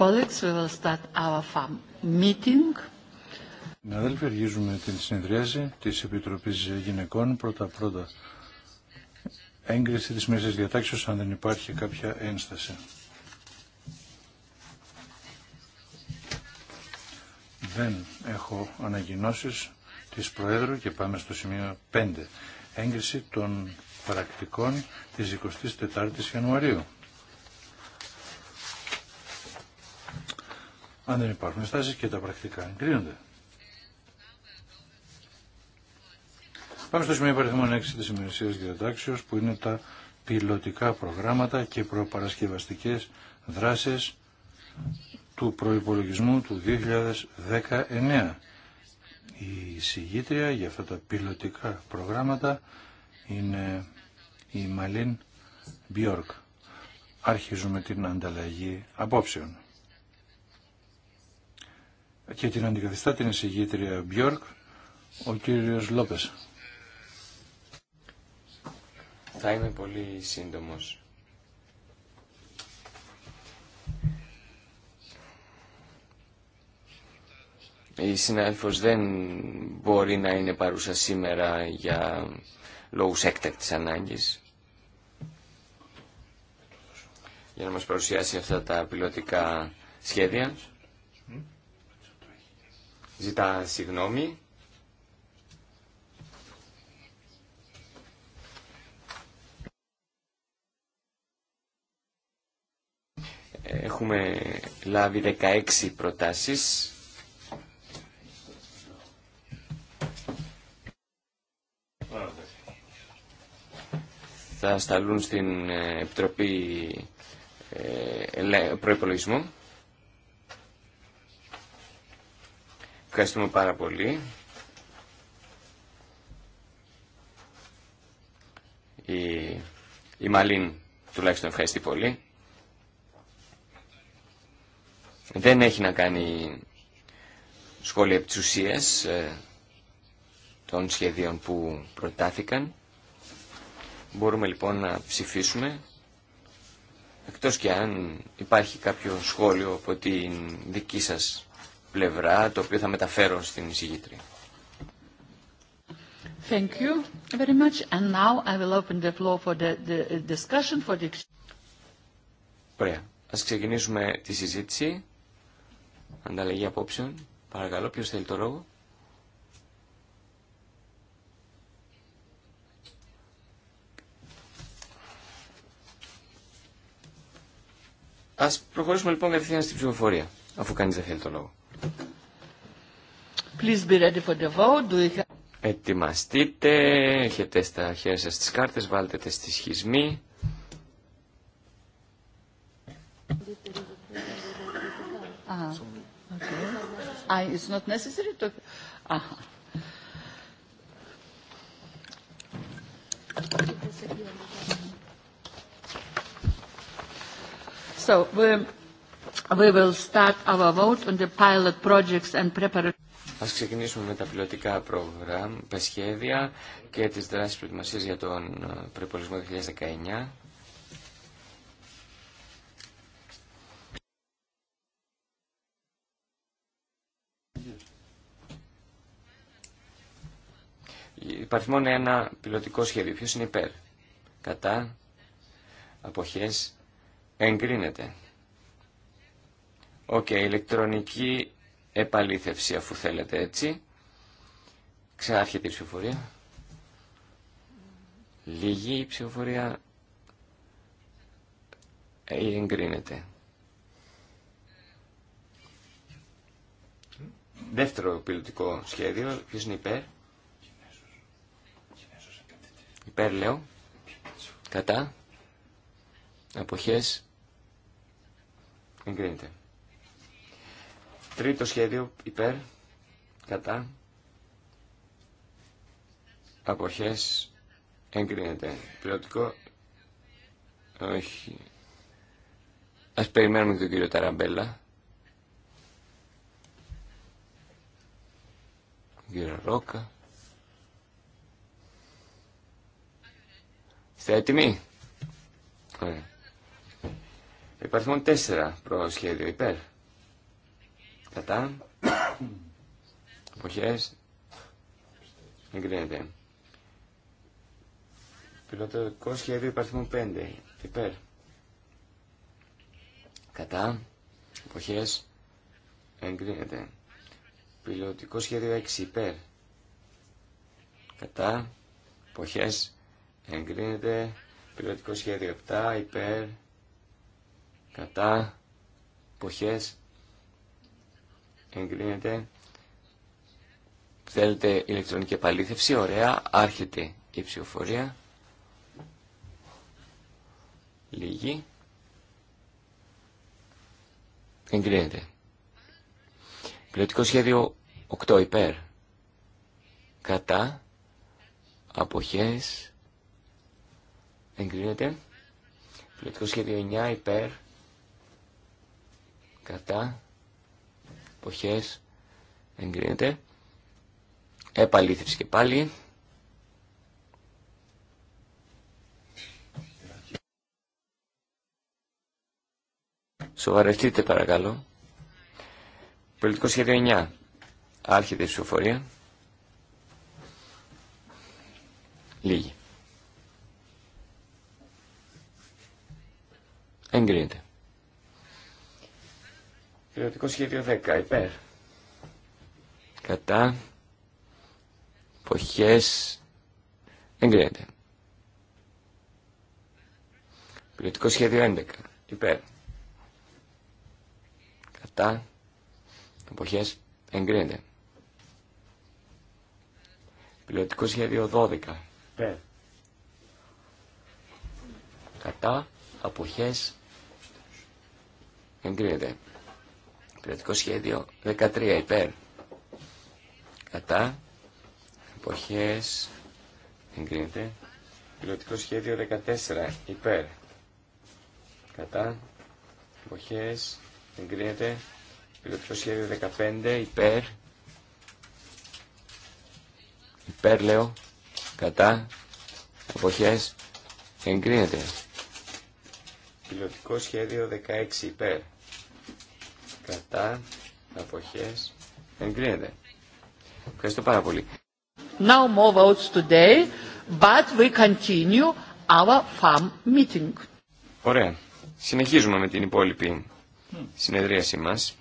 Colleagues, Αδέλφοι, αργίζουμε την συνεδρίαση της Επιτροπής Γυναικών. Πρώτα-πρώτα, έγκριση της μέσης διατάξεως, αν δεν υπάρχει κάποια ένσταση. Δεν έχω ανακοινώσεις της Προέδρου και πάμε στο σημείο 5. Έγκριση των πρακτικών της 24ης Ιανουαρίου. Αν δεν υπάρχουν στάσεις και τα πρακτικά εγκρίνονται. Πάμε στο σημείο παριθμών 6 της ημερησίας διατάξεως που είναι τα πιλωτικά προγράμματα και προπαρασκευαστικές δράσεις του προϋπολογισμού του 2019. Η συγγήτρια για αυτά τα πιλωτικά προγράμματα είναι η Μαλίν Μπιόρκ. Αρχίζουμε την ανταλλαγή απόψεων και την αντικαθιστά την εισηγήτρια Μπιόρκ, ο κύριος Λόπες. Θα είμαι πολύ σύντομος. Η συνάδελφος δεν μπορεί να είναι παρούσα σήμερα για λόγους έκτακτης ανάγκης. Για να μας παρουσιάσει αυτά τα πιλωτικά σχέδια ζητά συγγνώμη. Έχουμε λάβει 16 προτάσεις. Θα σταλούν στην Επιτροπή ε, Προϋπολογισμού. Ευχαριστούμε πάρα πολύ. Η, η Μαλίν τουλάχιστον ευχαριστεί πολύ. Δεν έχει να κάνει σχόλια επί ε, των σχεδίων που προτάθηκαν. Μπορούμε λοιπόν να ψηφίσουμε εκτός και αν υπάρχει κάποιο σχόλιο από την δική σας πλευρά, το οποίο θα μεταφέρω στην εισηγήτρια. Thank you very much. And now I will open the floor for the, the discussion for the... Ας ξεκινήσουμε τη συζήτηση. Ανταλλαγή απόψεων. Παρακαλώ, ποιος θέλει το λόγο. Ας προχωρήσουμε λοιπόν κατευθείαν στην ψηφοφορία, αφού κανείς δεν θέλει το λόγο. Please be ready for the vote. Do have... Ετοιμαστείτε, έχετε στα χέρια σας τις κάρτες, βάλτε τις στη σχισμή. Ah, okay. ah, it's not necessary to... Ah. So, um, Ας ξεκινήσουμε με τα πιλωτικά προγράμματα, σχέδια και τις δράσεις προετοιμασίας για τον ε, προϋπολισμό 2019. Υπάρχει μόνο ένα πιλωτικό σχέδιο. Ποιος είναι υπέρ. Κατά. Αποχές. Εγκρίνεται. Οκ, okay, ηλεκτρονική επαλήθευση αφού θέλετε έτσι. Ξεάρχεται η ψηφοφορία. Λίγη η ψηφοφορία ε, εγκρίνεται. Δεύτερο πιλωτικό σχέδιο, ποιος είναι υπέρ. Υπέρ λέω. Κατά. Αποχές. Εγκρίνεται. Τρίτο σχέδιο υπέρ, κατά, αποχές, εγκρίνεται. πληρωτικό, όχι. Ας περιμένουμε τον κύριο Ταραμπέλα. Κύριο Ρόκα. Είστε έτοιμοι. Ωραία. Υπάρχουν τέσσερα προσχέδια υπέρ. Κατά. Εποχές. Εγκρίνεται. Πιλωτικό σχέδιο υπαριθμού 5. Υπέρ. Κατά. Εποχές. Εγκρίνεται. Πιλωτικό σχέδιο 6. Υπέρ. Κατά. Εποχές. Εγκρίνεται. Πιλωτικό σχέδιο 7. Υπέρ. Κατά. Εποχές εγκρίνεται. Θέλετε ηλεκτρονική επαλήθευση, ωραία, άρχεται η ψηφοφορία. Λίγη. Εγκρίνεται. Πληρωτικό σχέδιο 8 υπέρ. Κατά. Αποχές. Εγκρίνεται. Πληρωτικό σχέδιο 9 υπέρ. Κατά εποχές εγκρίνεται επαλήθευση και πάλι Σοβαρευτείτε παρακαλώ. Πολιτικό σχέδιο 9. Άρχεται η ψηφοφορία. Λίγη. Εγκρίνεται. Πιλωτικό σχέδιο 10. Υπέρ. Κατά. Εποχές. Εγκρίνεται. Πιλωτικό σχέδιο 11. Υπέρ. Κατά. εποχέ Εγκρίνεται. Πιλωτικό σχέδιο 12. Υπέρ. Κατά. Αποχές. Εγκρίνεται. Πιλωτικό σχέδιο 13 υπέρ. Κατά. Εποχές. Εγκρίνεται. Πιλωτικό σχέδιο 14 υπέρ. Κατά. Εποχές. Εγκρίνεται. Πιλωτικό σχέδιο 15 υπέρ. Υπέρ λέω. Κατά. Εποχές. Εγκρίνεται. Πιλωτικό σχέδιο 16 υπέρ κατά, αποχές, εγκρίνεται. Ευχαριστώ πάρα πολύ. Now more votes today, but we continue our farm meeting. Ωραία. Συνεχίζουμε με την υπόλοιπη συνεδρίαση μας.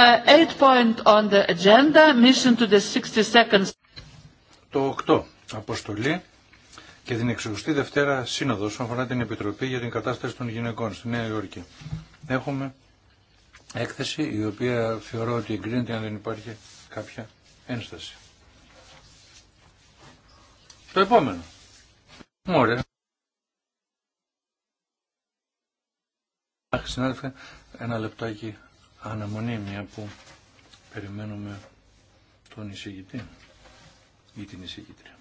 Uh, Το 8. Αποστολή και την εξωστή Δευτέρα Σύνοδο αφορά την Επιτροπή για την Κατάσταση των Γυναικών στη Νέα Υόρκη. Έχουμε έκθεση η οποία θεωρώ ότι εγκρίνεται αν δεν υπάρχει κάποια ένσταση. Το επόμενο. Ωραία. Συνάδελφε, ένα λεπτάκι αναμονή μια που περιμένουμε τον εισηγητή ή την εισηγήτρια.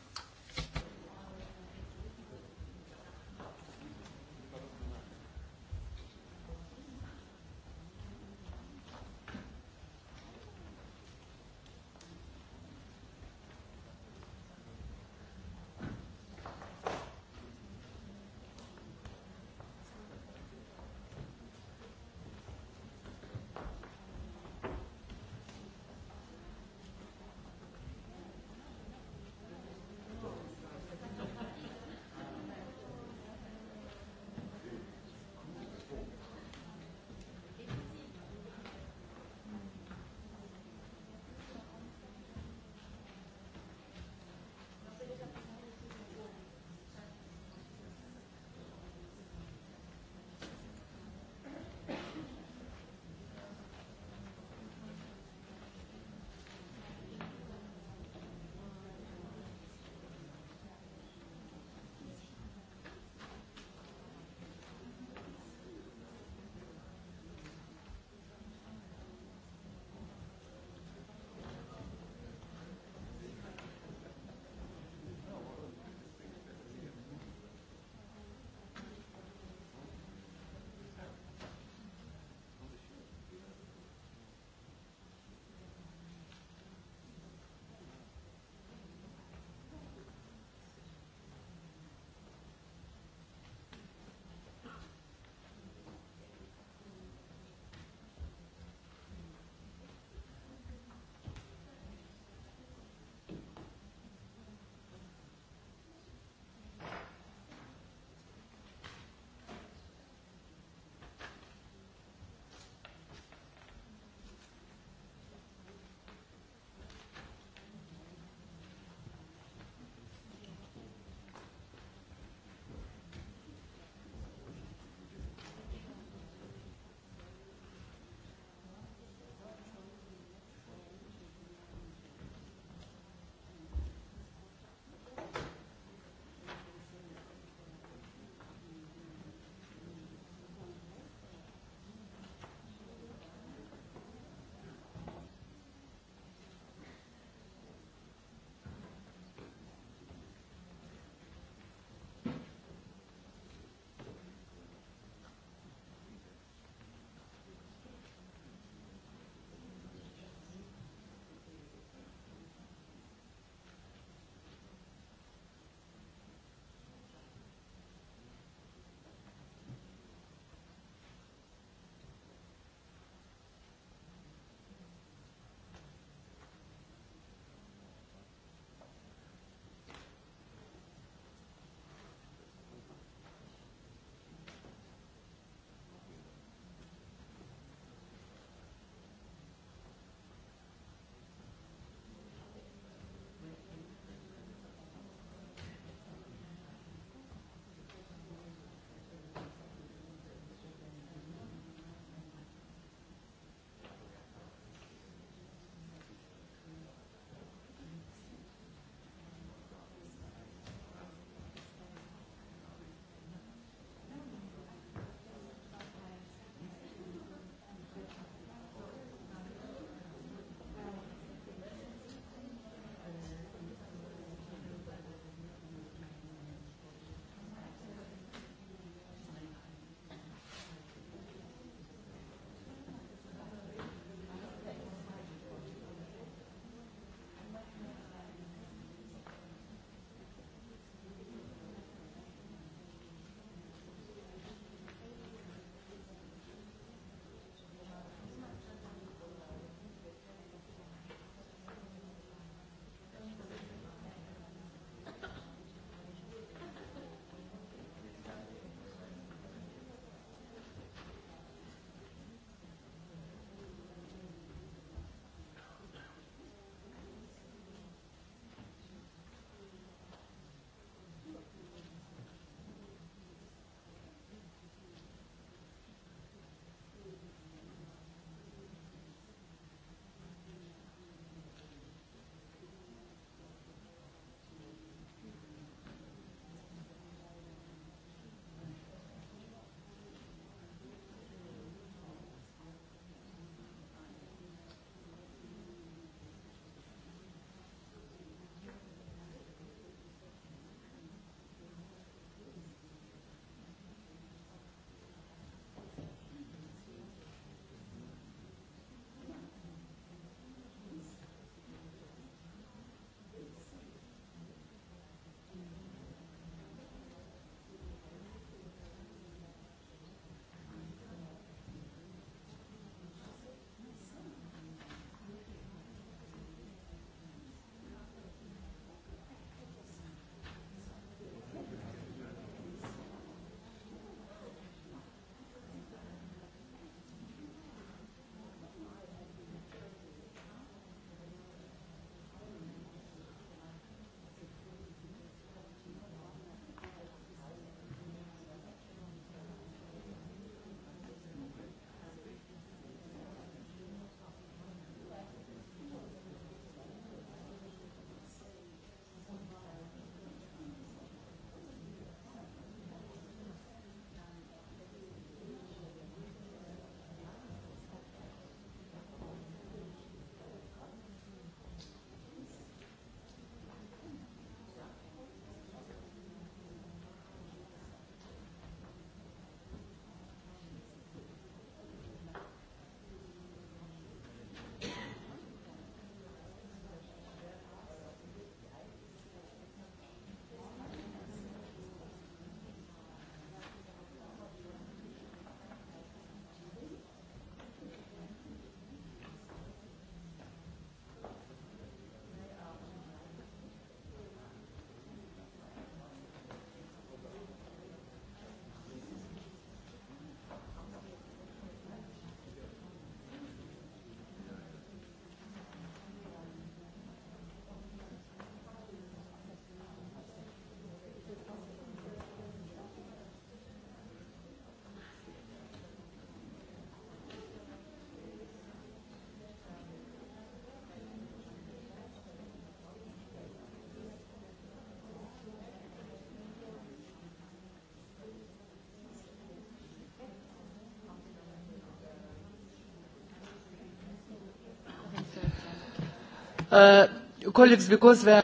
Ε,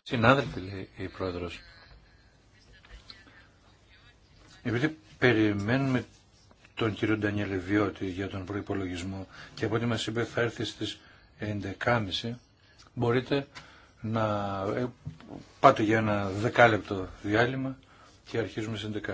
Συνάδελφοι, λέει η πρόεδρος, επειδή περιμένουμε τον κύριο Ντανιέλ Βιώτη για τον προπολογισμό και από ό,τι μα είπε θα έρθει στις 11.30, μπορείτε να ε, πάτε για ένα δεκάλεπτο διάλειμμα και αρχίζουμε στις 11.30.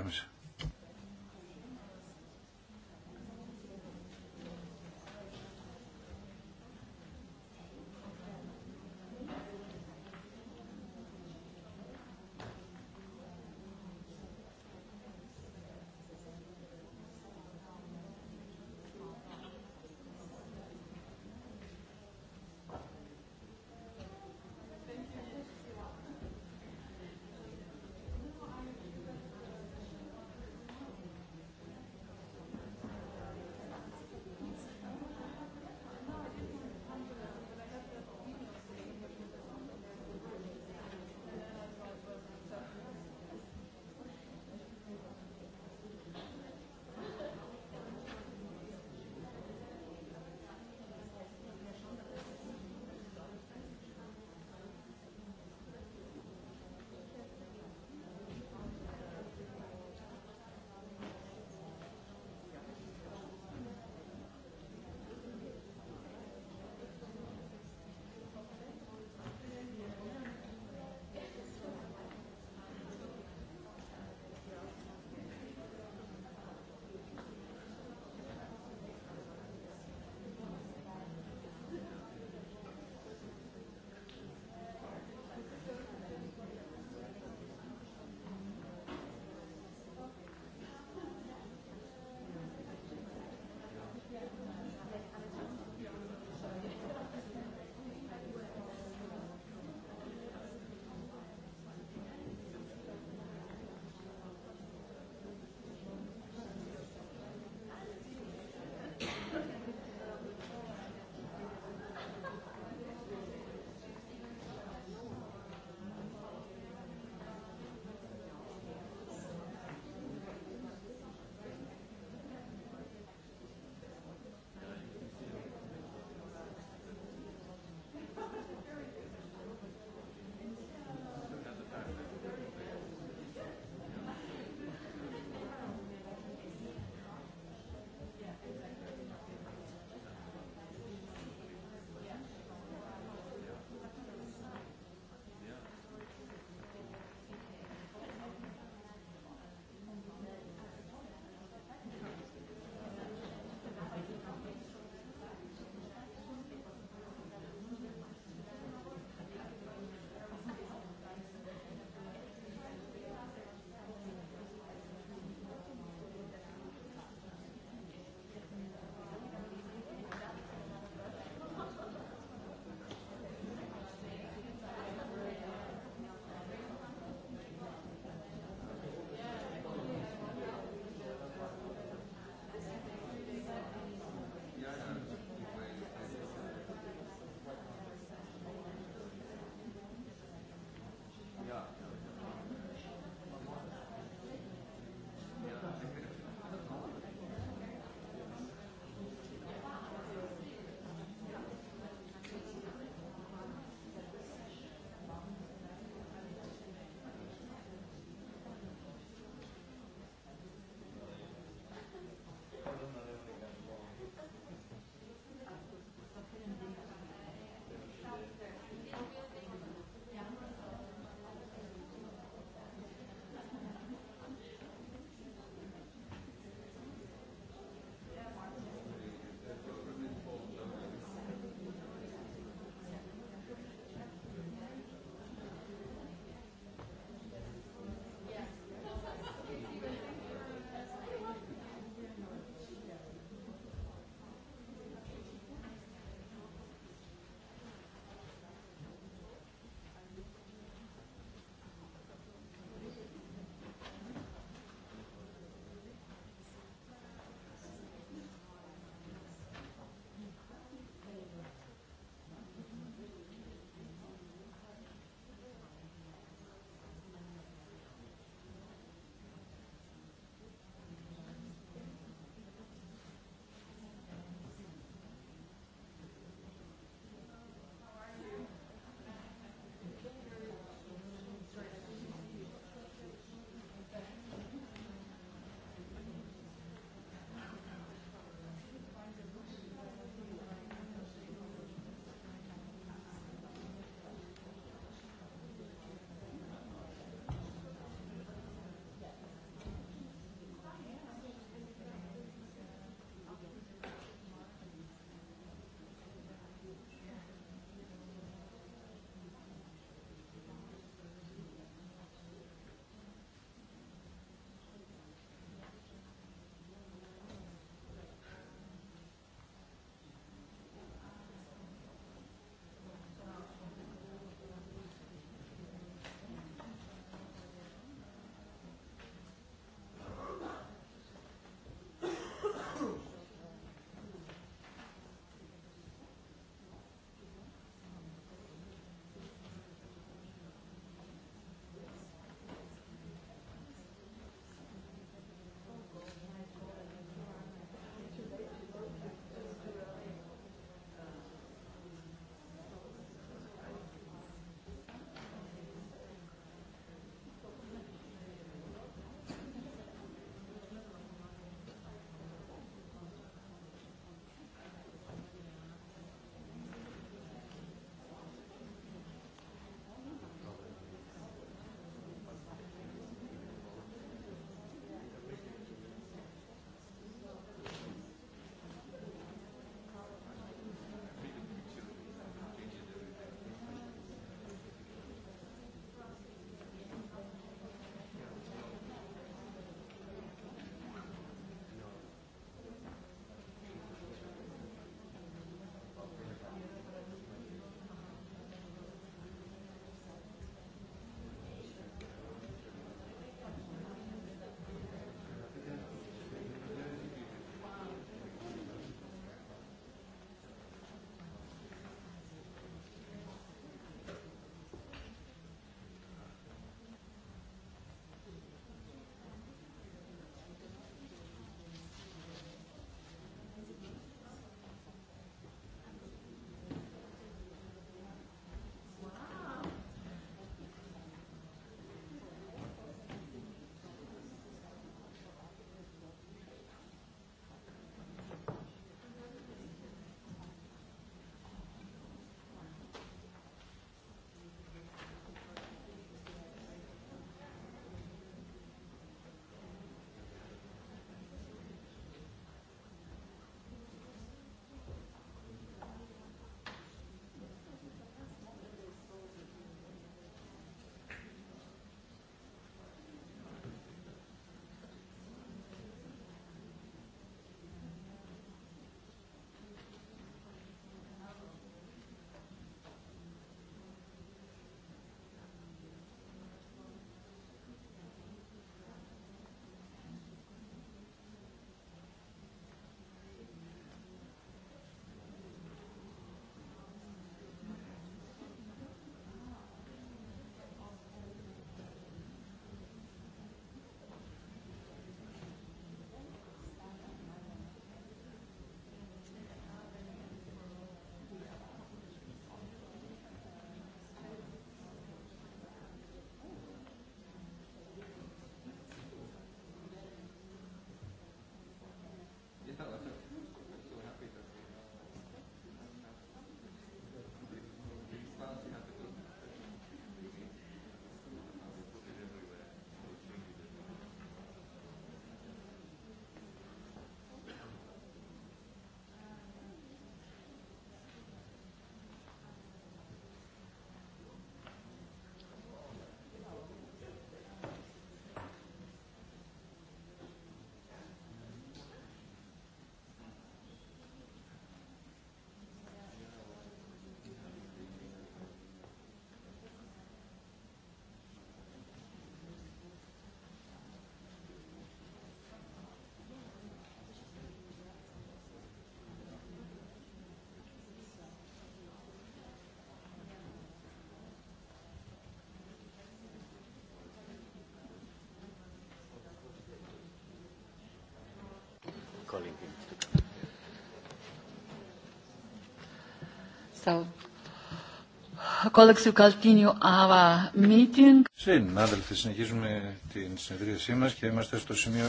Συνάδελφοι, συνεχίζουμε την συνεδρίασή μα και είμαστε στο σημείο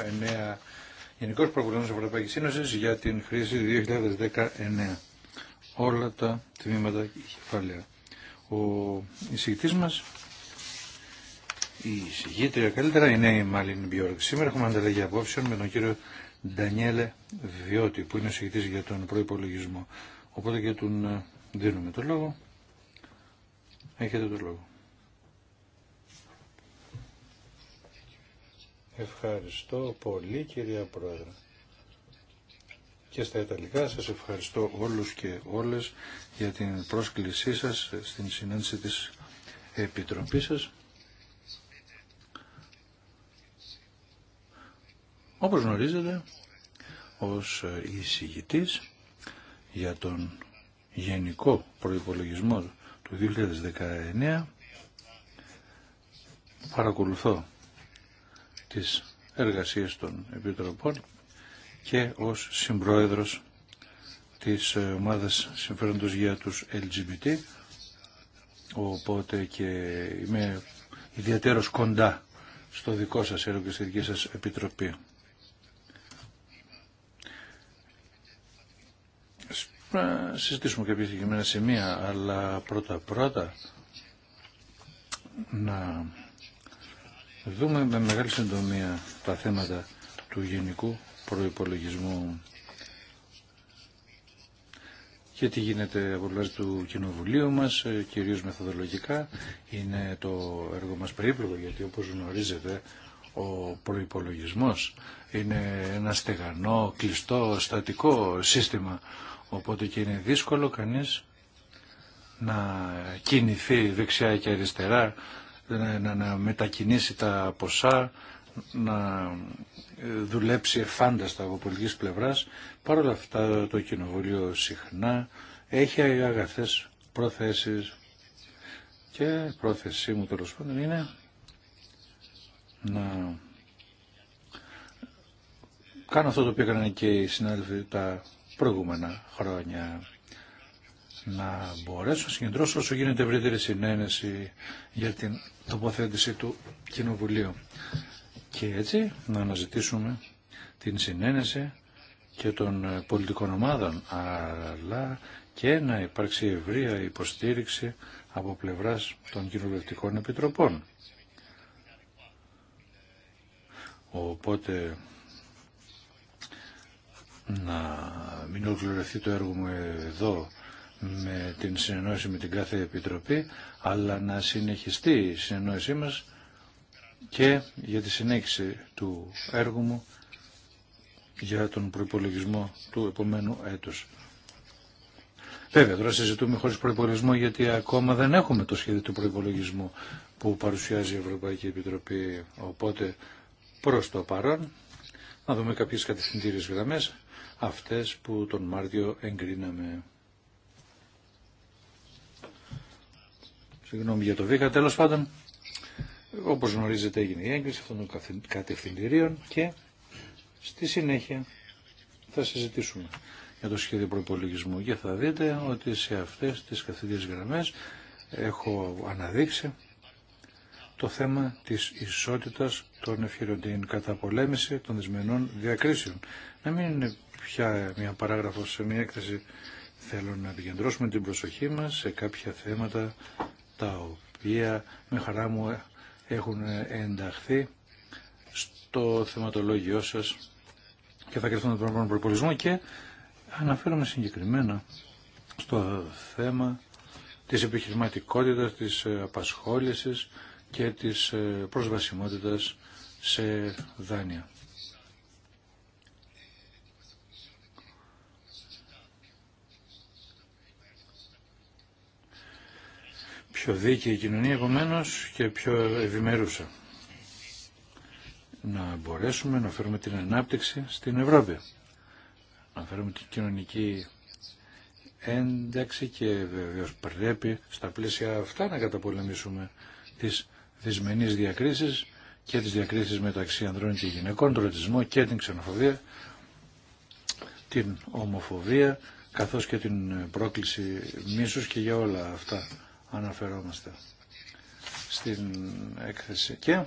9 Γενικός Προκουρισμός Ευρωπαϊκή Ένωση για την χρήση 2019. Όλα τα τμήματα και κεφάλαια. Ο εισηγητής μα, η εισηγήτρια καλύτερα είναι η Μάλιν Μπιόρκ. Σήμερα έχουμε ανταλλαγή απόψεων με τον κύριο Ντανιέλε Βιώτη που είναι συγητής για τον προϋπολογισμό. Οπότε και τον ε, δίνουμε το λόγο. Έχετε το λόγο. Ευχαριστώ πολύ κυρία Πρόεδρε. Και στα Ιταλικά σας ευχαριστώ όλους και όλες για την πρόσκλησή σας στην συνάντηση της Επιτροπής σας. Όπως γνωρίζετε, ως εισηγητής για τον γενικό προϋπολογισμό του 2019 παρακολουθώ τις εργασίες των Επιτροπών και ως συμπρόεδρος της ομάδας συμφέροντος για τους LGBT οπότε και είμαι ιδιαίτερος κοντά στο δικό σας έργο και στη δική σας επιτροπή. να συζητήσουμε κάποια συγκεκριμένα σημεία, αλλά πρώτα-πρώτα να δούμε με μεγάλη συντομία τα θέματα του γενικού προϋπολογισμού και τι γίνεται από του Κοινοβουλίου μας, ε, κυρίως μεθοδολογικά. Είναι το έργο μας περίπλοκο, γιατί όπως γνωρίζετε ο προϋπολογισμός είναι ένα στεγανό, κλειστό, στατικό σύστημα Οπότε και είναι δύσκολο κανείς να κινηθεί δεξιά και αριστερά, να, να μετακινήσει τα ποσά, να ε, δουλέψει εφάνταστα από πολιτικής πλευράς. Παρ' όλα αυτά το κοινοβούλιο συχνά έχει αγαθές προθέσεις και η πρόθεσή μου τέλο πάντων είναι να κάνω αυτό το οποίο έκαναν και οι συνάδελφοι τα προηγούμενα χρόνια. Να μπορέσω να συγκεντρώσω όσο γίνεται ευρύτερη συνένεση για την τοποθέτηση του Κοινοβουλίου. Και έτσι να αναζητήσουμε την συνένεση και των πολιτικών ομάδων, αλλά και να υπάρξει ευρία υποστήριξη από πλευράς των κοινοβουλευτικών επιτροπών. Οπότε να μην ολοκληρωθεί το έργο μου εδώ με την συνεννόηση με την κάθε επιτροπή, αλλά να συνεχιστεί η συνεννόησή μας και για τη συνέχιση του έργου μου για τον προϋπολογισμό του επομένου έτους. Βέβαια, τώρα συζητούμε χωρίς προϋπολογισμό γιατί ακόμα δεν έχουμε το σχέδιο του προϋπολογισμού που παρουσιάζει η Ευρωπαϊκή Επιτροπή. Οπότε, προς το παρόν, να δούμε κάποιες κατευθυντήριες γραμμές αυτές που τον Μάρτιο εγκρίναμε. Συγγνώμη για το βήκα. Τέλος πάντων, όπως γνωρίζετε έγινε η έγκριση αυτών των κατευθυντηρίων και στη συνέχεια θα συζητήσουμε για το σχέδιο προπολογισμού και θα δείτε ότι σε αυτές τις καθηγητές γραμμές έχω αναδείξει το θέμα της ισότητας των ευχηρωτήν την πολέμηση των δυσμενών διακρίσεων. Να μην πια μια παράγραφο σε μια έκθεση. Θέλω να επικεντρώσουμε την προσοχή μας σε κάποια θέματα τα οποία με χαρά μου έχουν ενταχθεί στο θεματολόγιο σας και θα κρυφθούν τον πρώτο προπολισμό και αναφέρομαι συγκεκριμένα στο θέμα της επιχειρηματικότητας, της απασχόλησης και της ε, προσβασιμότητας σε δάνεια. πιο δίκαιη κοινωνία επομένω και πιο ευημερούσα. Να μπορέσουμε να φέρουμε την ανάπτυξη στην Ευρώπη. Να φέρουμε την κοινωνική ένταξη και βεβαίω πρέπει στα πλαίσια αυτά να καταπολεμήσουμε τις δυσμενείς διακρίσεις και τις διακρίσεις μεταξύ ανδρών και γυναικών, τον ρωτισμό και την ξενοφοβία, την ομοφοβία, καθώς και την πρόκληση μίσους και για όλα αυτά αναφερόμαστε στην έκθεση. Και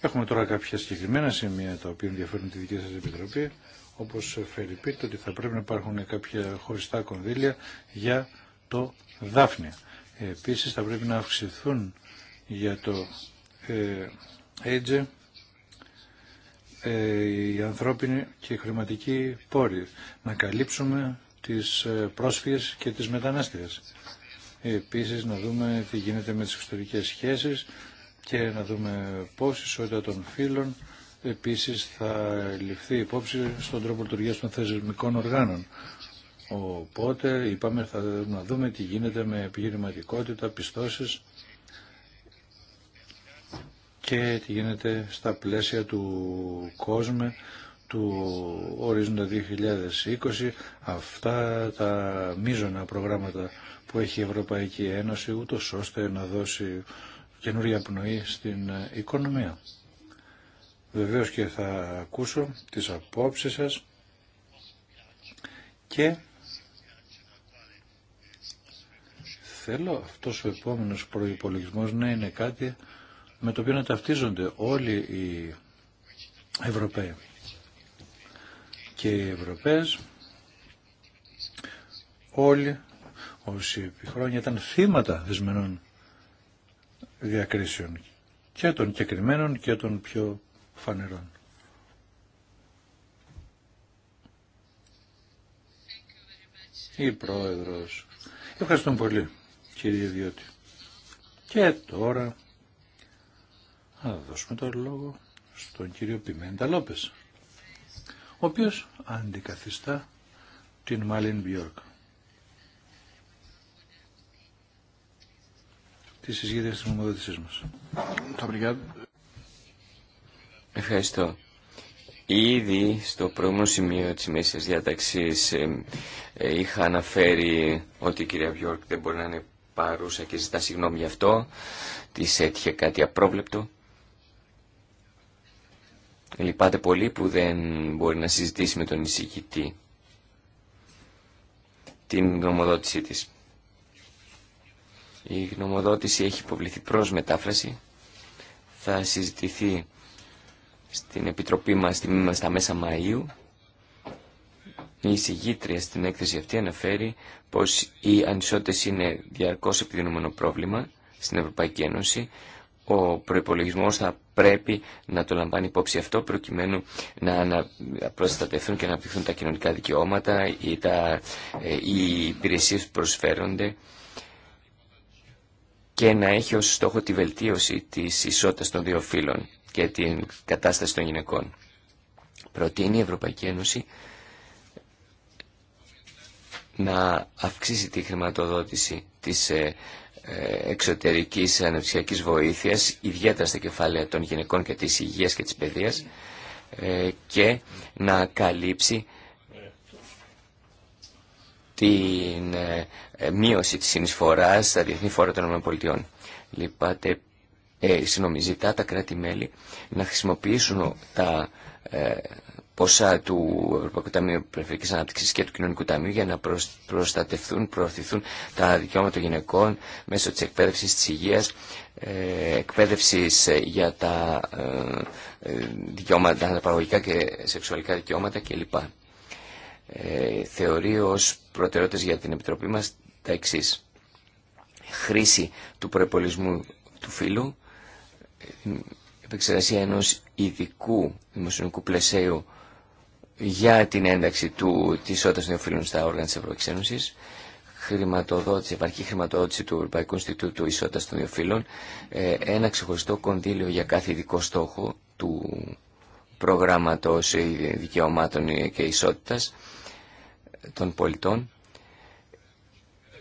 έχουμε τώρα κάποια συγκεκριμένα σημεία τα οποία ενδιαφέρουν τη δική σας επιτροπή, όπως φέρει ότι θα πρέπει να υπάρχουν κάποια χωριστά κονδύλια για το Δάφνη. Επίσης θα πρέπει να αυξηθούν για το ε, έτζε ε, οι ανθρώπινοι και οι χρηματικοί πόροι. Να καλύψουμε τις ε, πρόσφυγες και τις μετανάστες. Επίσης να δούμε τι γίνεται με τις εξωτερικές σχέσεις και να δούμε πώς η ισότητα των φύλων επίσης θα ληφθεί υπόψη στον τρόπο λειτουργία των θεσμικών οργάνων. Οπότε είπαμε θα να δούμε τι γίνεται με επιχειρηματικότητα, πιστώσεις και τι γίνεται στα πλαίσια του κόσμου του ορίζοντα 2020 αυτά τα μείζωνα προγράμματα που έχει η Ευρωπαϊκή Ένωση ούτω ώστε να δώσει καινούρια πνοή στην ε, οικονομία. Βεβαίως και θα ακούσω τις απόψεις σας και θέλω αυτός ο επόμενος προϋπολογισμός να είναι κάτι με το οποίο να ταυτίζονται όλοι οι Ευρωπαίοι και οι Ευρωπαίες όλοι όσοι επί χρόνια ήταν θύματα δεσμενών διακρίσεων και των κεκριμένων και των πιο φανερών. Η Πρόεδρος. Ευχαριστούμε πολύ κύριε Διώτη. Και τώρα θα δώσουμε το λόγο στον κύριο Πιμέντα Λόπες, ο οποίος αντικαθιστά την Μάλιν Μπιόρκ. τη εισηγήτριας τη νομοδότησής μας. Ευχαριστώ. Ήδη στο προηγούμενο σημείο της μέσης διάταξης ε, ε, είχα αναφέρει ότι η κυρία Βιόρκ δεν μπορεί να είναι παρούσα και ζητά συγγνώμη γι' αυτό. Της έτυχε κάτι απρόβλεπτο. Λυπάται πολύ που δεν μπορεί να συζητήσει με τον εισηγητή την νομοδότησή της. Η γνωμοδότηση έχει υποβληθεί προς μετάφραση. Θα συζητηθεί στην Επιτροπή μας στα μέσα Μαΐου. Η εισηγήτρια στην έκθεση αυτή αναφέρει πως οι ανισότητες είναι διαρκώς επιδεινωμένο πρόβλημα στην Ευρωπαϊκή Ένωση. Ο προϋπολογισμός θα πρέπει να το λαμβάνει υπόψη αυτό προκειμένου να προστατευτούν και να αναπτυχθούν τα κοινωνικά δικαιώματα ή τα, ε, οι υπηρεσίες που προσφέρονται και να έχει ως στόχο τη βελτίωση της ισότητας των δύο φύλων και την κατάσταση των γυναικών. Προτείνει η Ευρωπαϊκή Ένωση να αυξήσει τη χρηματοδότηση της ε, ε, εξωτερικής ανεψυχιακής βοήθειας, ιδιαίτερα στα κεφάλαια των γυναικών και της υγείας και της παιδείας ε, και να καλύψει την ε, μείωση της συνεισφοράς στα διεθνή φόρα των ΗΠΑ. Λυπάτε, ε, τα κράτη-μέλη να χρησιμοποιήσουν τα ε, ποσά του Ευρωπαϊκού Ταμείου Περιφερειακής Ανάπτυξης και του Κοινωνικού Ταμείου για να προστατευθούν, προωθηθούν τα δικαιώματα των γυναικών μέσω της εκπαίδευσης της υγείας, ε, εκπαίδευσης ε, για τα δικαιώματα, τα παραγωγικά και σεξουαλικά δικαιώματα κλπ. θεωρεί ως προτεραιότητες για την Επιτροπή μας τα εξή. Χρήση του προπολισμού του φύλου, επεξεργασία ενός ειδικού δημοσιονομικού πλαισίου για την ένταξη του, της των φύλων στα όργανα της Ευρωπαϊκής χρηματοδότηση, επαρκή χρηματοδότηση του Ευρωπαϊκού Ινστιτούτου Ισότητας των Διοφύλων, ε, ένα ξεχωριστό κονδύλιο για κάθε ειδικό στόχο του προγράμματος ε, δικαιωμάτων και ισότητας, των πολιτών,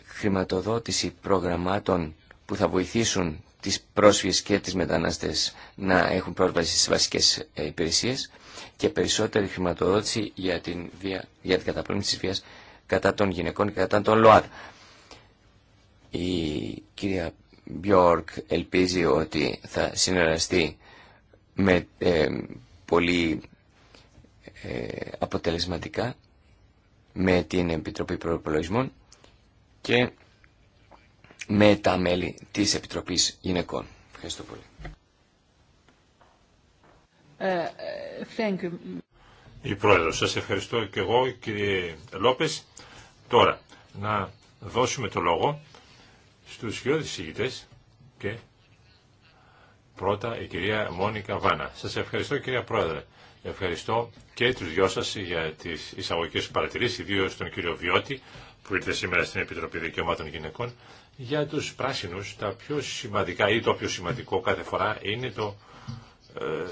χρηματοδότηση προγραμμάτων που θα βοηθήσουν τις πρόσφυγες και τις μετανάστες να έχουν πρόσβαση στις βασικές ε, υπηρεσίες και περισσότερη χρηματοδότηση για την, βία, για την κατά των γυναικών και κατά των ΛΟΑΔ. Η κυρία Μπιόρκ ελπίζει ότι θα συνεργαστεί με ε, πολύ ε, αποτελεσματικά με την Επιτροπή Προπολογισμών και με τα μέλη της Επιτροπής Γυναικών. Ευχαριστώ πολύ. Ε, ε, η Πρόεδρο. σας ευχαριστώ και εγώ κύριε Λόπες. Τώρα, να δώσουμε το λόγο στους κυρίους συγητές και πρώτα η κυρία Μόνικα Βάνα. Σας ευχαριστώ κυρία Πρόεδρε. Ευχαριστώ και τους δυο σας για τις εισαγωγικές παρατηρήσεις, ιδίως τον κύριο Βιώτη που ήρθε σήμερα στην Επιτροπή Δικαιωμάτων Γυναικών. Για τους πράσινους τα πιο σημαντικά ή το πιο σημαντικό κάθε φορά είναι το, ε,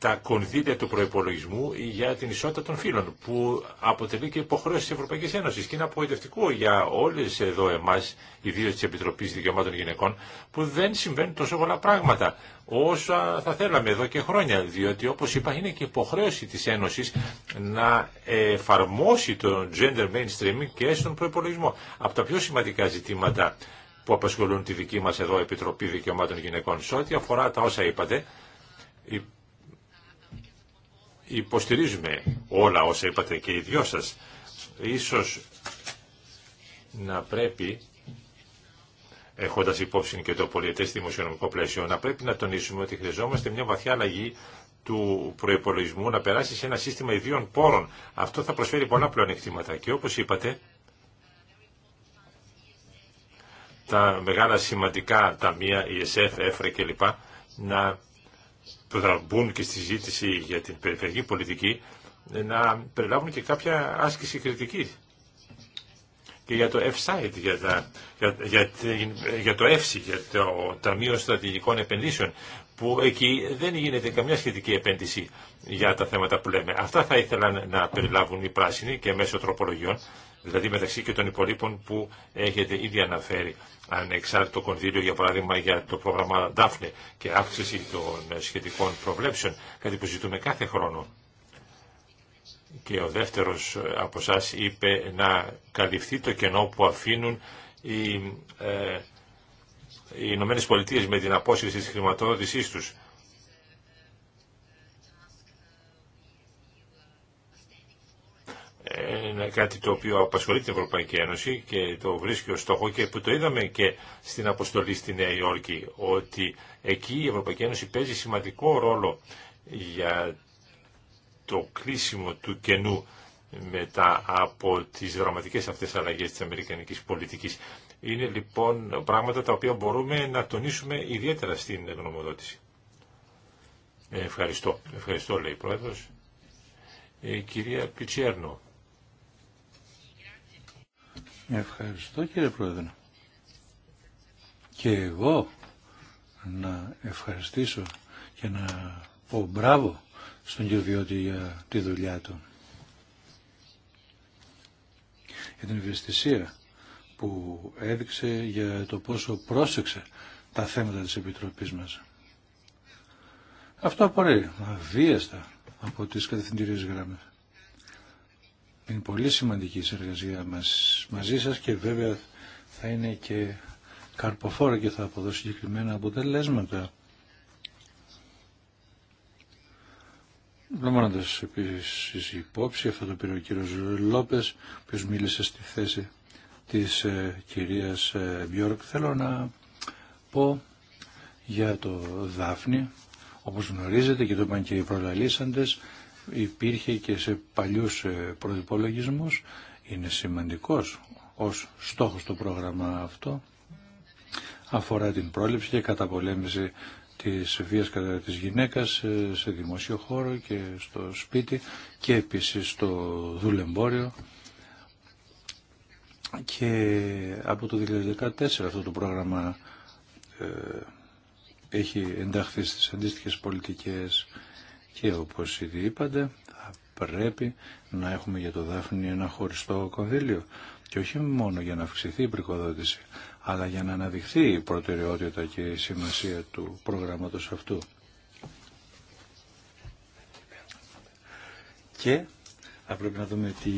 τα κονδύλια του προπολογισμού για την ισότητα των φύλων, που αποτελεί και υποχρέωση τη Ευρωπαϊκή Ένωση. Και είναι απογοητευτικό για όλε εδώ εμά, ιδίω τη Επιτροπή Δικαιωμάτων Γυναικών, που δεν συμβαίνουν τόσο πολλά πράγματα όσα θα θέλαμε εδώ και χρόνια. Διότι, όπω είπα, είναι και υποχρέωση τη Ένωση να εφαρμόσει το gender mainstream και στον προπολογισμό. Από τα πιο σημαντικά ζητήματα που απασχολούν τη δική μας εδώ Επιτροπή Δικαιωμάτων Γυναικών σε ό,τι αφορά τα όσα είπατε υποστηρίζουμε όλα όσα είπατε και οι δυο σας. Ίσως να πρέπει, έχοντας υπόψη και το πολιετές δημοσιονομικό πλαίσιο, να πρέπει να τονίσουμε ότι χρειαζόμαστε μια βαθιά αλλαγή του προπολογισμού να περάσει σε ένα σύστημα ιδίων πόρων. Αυτό θα προσφέρει πολλά πλεονεκτήματα. Και όπως είπατε, τα μεγάλα σημαντικά ταμεία, η ΕΣΕΦ, ΕΦΡΕ κλπ. να που θα μπουν και στη συζήτηση για την περιφερειακή πολιτική να περιλάβουν και κάποια άσκηση κριτική. και για το F-Site, για, για, για, για το EFSI, για το Ταμείο Στρατηγικών Επενδύσεων, που εκεί δεν γίνεται καμιά σχετική επένδυση για τα θέματα που λέμε. Αυτά θα ήθελαν να περιλάβουν οι πράσινοι και μέσω τροπολογιών δηλαδή μεταξύ και των υπολείπων που έχετε ήδη αναφέρει. Ανεξάρτητο κονδύλιο, για παράδειγμα, για το πρόγραμμα DAFNE και αύξηση των σχετικών προβλέψεων, κάτι που ζητούμε κάθε χρόνο. Και ο δεύτερος ε, από εσά είπε να καλυφθεί το κενό που αφήνουν οι, ε, οι Ηνωμένε με την απόσυρση της χρηματοδότησής τους. είναι κάτι το οποίο απασχολεί την Ευρωπαϊκή Ένωση και το βρίσκει ως στόχο και που το είδαμε και στην αποστολή στη Νέα Υόρκη ότι εκεί η Ευρωπαϊκή Ένωση παίζει σημαντικό ρόλο για το κλείσιμο του κενού μετά από τις δραματικές αυτές αλλαγές της αμερικανικής πολιτικής. Είναι λοιπόν πράγματα τα οποία μπορούμε να τονίσουμε ιδιαίτερα στην γνωμοδότηση. Ε, ευχαριστώ. Ευχαριστώ λέει η Πρόεδρος. Η ε, κυρία Πιτσέρνο. Ευχαριστώ κύριε Πρόεδρε. Και εγώ να ευχαριστήσω και να πω μπράβο στον κύριο Βιώτη για τη δουλειά του. Για την ευαισθησία που έδειξε για το πόσο πρόσεξε τα θέματα της Επιτροπής μας. Αυτό απορρέει αβίαστα από τις κατευθυντηρίες γραμμές. Είναι πολύ σημαντική η συνεργασία μας μαζί σας και βέβαια θα είναι και καρποφόρα και θα αποδώσει συγκεκριμένα αποτελέσματα. Λαμβάνοντα επίση υπόψη, αυτό το πήρε ο κύριο Λόπε, ο μίλησε στη θέση της ε, κυρίας κυρία ε, Μπιόρκ. Θέλω να πω για το Δάφνη. Όπω γνωρίζετε και το είπαν και οι προλαλήσαντε, υπήρχε και σε παλιούς ε, προϋπολογισμούς είναι σημαντικός ως στόχος το πρόγραμμα αυτό αφορά την πρόληψη και καταπολέμηση της βίας κατά της γυναίκας ε, σε δημόσιο χώρο και στο σπίτι και επίσης στο δουλεμπόριο και από το 2014 αυτό το πρόγραμμα ε, έχει ενταχθεί στις αντίστοιχες πολιτικές και όπως ήδη είπατε θα πρέπει να έχουμε για το Δάφνη ένα χωριστό κονδύλιο και όχι μόνο για να αυξηθεί η πρικοδότηση αλλά για να αναδειχθεί η προτεραιότητα και η σημασία του προγράμματος αυτού. Και θα πρέπει να δούμε τι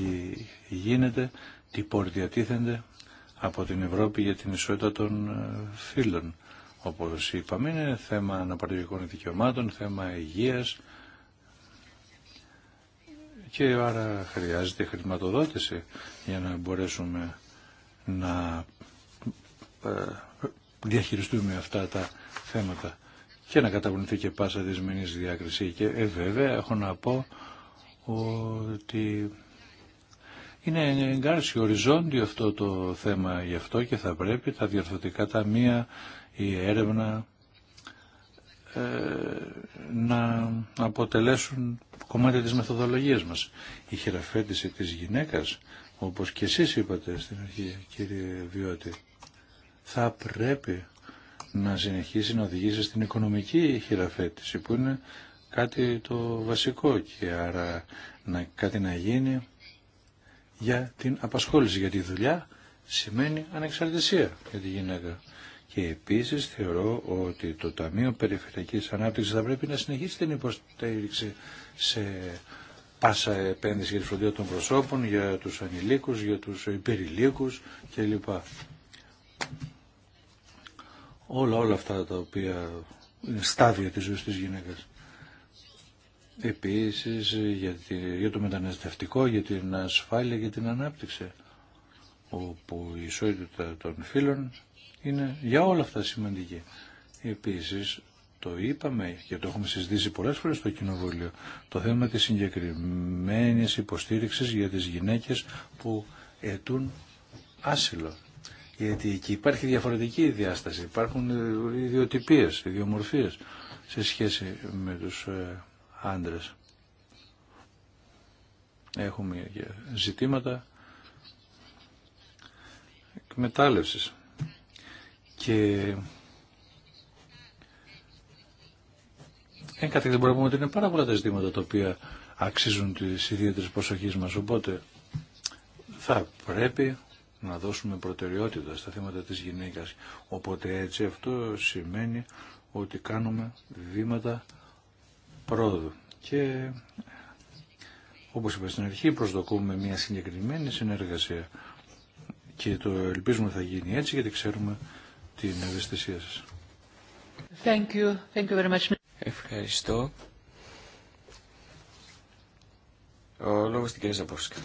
γίνεται, τι πόρτια από την Ευρώπη για την ισότητα των ε, φίλων. Όπως είπαμε είναι θέμα αναπαραγωγικών δικαιωμάτων, θέμα υγείας, και άρα χρειάζεται χρηματοδότηση για να μπορέσουμε να ε, διαχειριστούμε αυτά τα θέματα και να καταβληθεί και πάσα δυσμενής διάκριση. Και ε, βέβαια έχω να πω ότι είναι εγκάρσιο οριζόντιο αυτό το θέμα γι' αυτό και θα πρέπει τα διορθωτικά ταμεία, η έρευνα, ε, να αποτελέσουν κομμάτι της μεθοδολογίας μας. Η χειραφέτηση της γυναίκας, όπως και εσείς είπατε στην αρχή κύριε Βιώτη, θα πρέπει να συνεχίσει να οδηγήσει στην οικονομική χειραφέτηση που είναι κάτι το βασικό και άρα να, κάτι να γίνει για την απασχόληση, γιατί η δουλειά σημαίνει ανεξαρτησία για τη γυναίκα. Και επίσης θεωρώ ότι το Ταμείο Περιφερειακής Ανάπτυξης θα πρέπει να συνεχίσει την υποστήριξη σε πάσα επένδυση για τη φροντίδα των προσώπων, για τους ανηλίκους, για τους υπερηλίκους κλπ. Όλα, όλα αυτά τα οποία είναι στάδια της ζωής της γυναίκας. Επίσης για, για το μεταναστευτικό, για την ασφάλεια, για την ανάπτυξη όπου η ισότητα των φίλων είναι για όλα αυτά σημαντική. Επίσης, το είπαμε και το έχουμε συζητήσει πολλές φορές στο Κοινοβούλιο, το θέμα της συγκεκριμένης υποστήριξης για τις γυναίκες που αιτούν άσυλο. Γιατί εκεί υπάρχει διαφορετική διάσταση, υπάρχουν ιδιοτυπίες, ιδιομορφίες σε σχέση με τους ε, άντρες. Έχουμε ζητήματα εκμετάλλευσης και εν μπορούμε να πούμε ότι είναι πάρα πολλά τα ζητήματα τα οποία αξίζουν τις ιδιαίτερης προσοχής μας. Οπότε θα πρέπει να δώσουμε προτεραιότητα στα θέματα της γυναίκας. Οπότε έτσι αυτό σημαίνει ότι κάνουμε βήματα πρόοδου. Και όπως είπα στην αρχή προσδοκούμε μια συγκεκριμένη συνεργασία και το ελπίζουμε θα γίνει έτσι γιατί ξέρουμε την ευαισθησία σας. Thank you. Thank you very much. Ευχαριστώ. Ο λόγος στην κυρία Ζαμπόρσκα.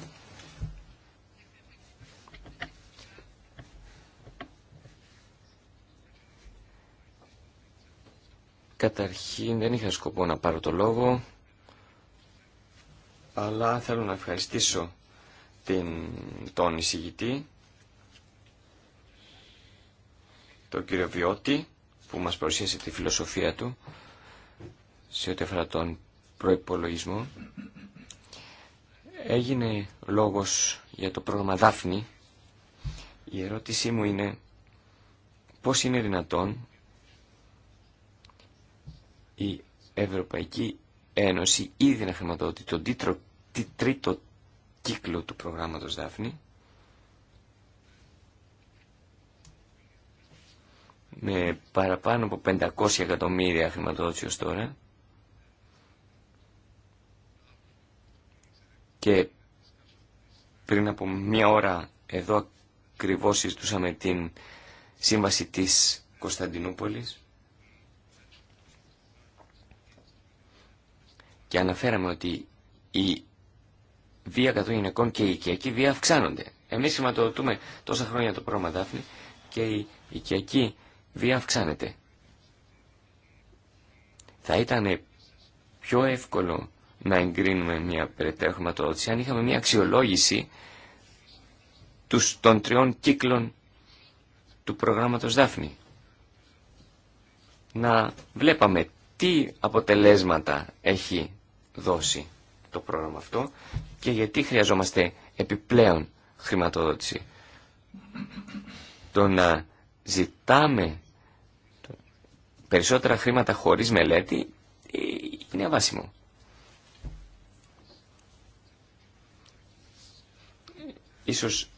Καταρχήν δεν είχα σκοπό να πάρω το λόγο, αλλά θέλω να ευχαριστήσω την, τον εισηγητή Το κύριο Βιώτη που μας παρουσίασε τη φιλοσοφία του σε ό,τι αφορά τον προϋπολογισμό. Έγινε λόγος για το πρόγραμμα Δάφνη. Η ερώτησή μου είναι πώς είναι δυνατόν η Ευρωπαϊκή Ένωση ήδη να χρηματοδοτεί τον τρίτο κύκλο του προγράμματος Δάφνη με παραπάνω από 500 εκατομμύρια χρηματοδότηση ως τώρα και πριν από μία ώρα εδώ ακριβώ συζητούσαμε την σύμβαση της Κωνσταντινούπολης και αναφέραμε ότι η βία κατ' γυναικών και η οικιακή βία αυξάνονται. Εμείς χρηματοδοτούμε τόσα χρόνια το πρόγραμμα Δάφνη και η οικιακή βία αυξάνεται. Θα ήταν πιο εύκολο να εγκρίνουμε μια περαιτέρω χρηματοδότηση αν είχαμε μια αξιολόγηση των τριών κύκλων του προγράμματος Δάφνη. Να βλέπαμε τι αποτελέσματα έχει δώσει το πρόγραμμα αυτό και γιατί χρειαζόμαστε επιπλέον χρηματοδότηση. Το να ζητάμε περισσότερα χρήματα χωρίς μελέτη ε, είναι αβάσιμο. Ίσως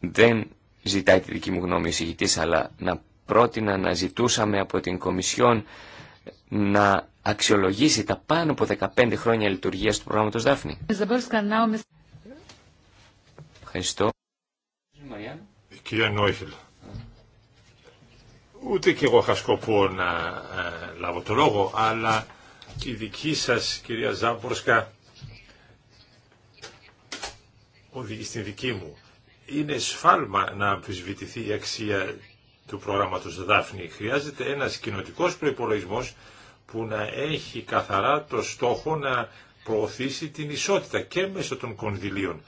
δεν ζητάει τη δική μου γνώμη ο εισηγητής, αλλά να πρότεινα να ζητούσαμε από την Κομισιόν να αξιολογήσει τα πάνω από 15 χρόνια λειτουργίας του προγράμματος Δάφνη. Ευχαριστώ. Κυρία Νόιχελ. Ούτε και εγώ είχα σκοπό να ε, λάβω το λόγο, αλλά η δική σας κυρία Ζάμπορσκα οδηγεί στην δική μου. Είναι σφάλμα να αμφισβητηθεί η αξία του προγράμματος Δάφνη. Χρειάζεται ένας κοινοτικό προπολογισμό που να έχει καθαρά το στόχο να προωθήσει την ισότητα και μέσω των κονδυλίων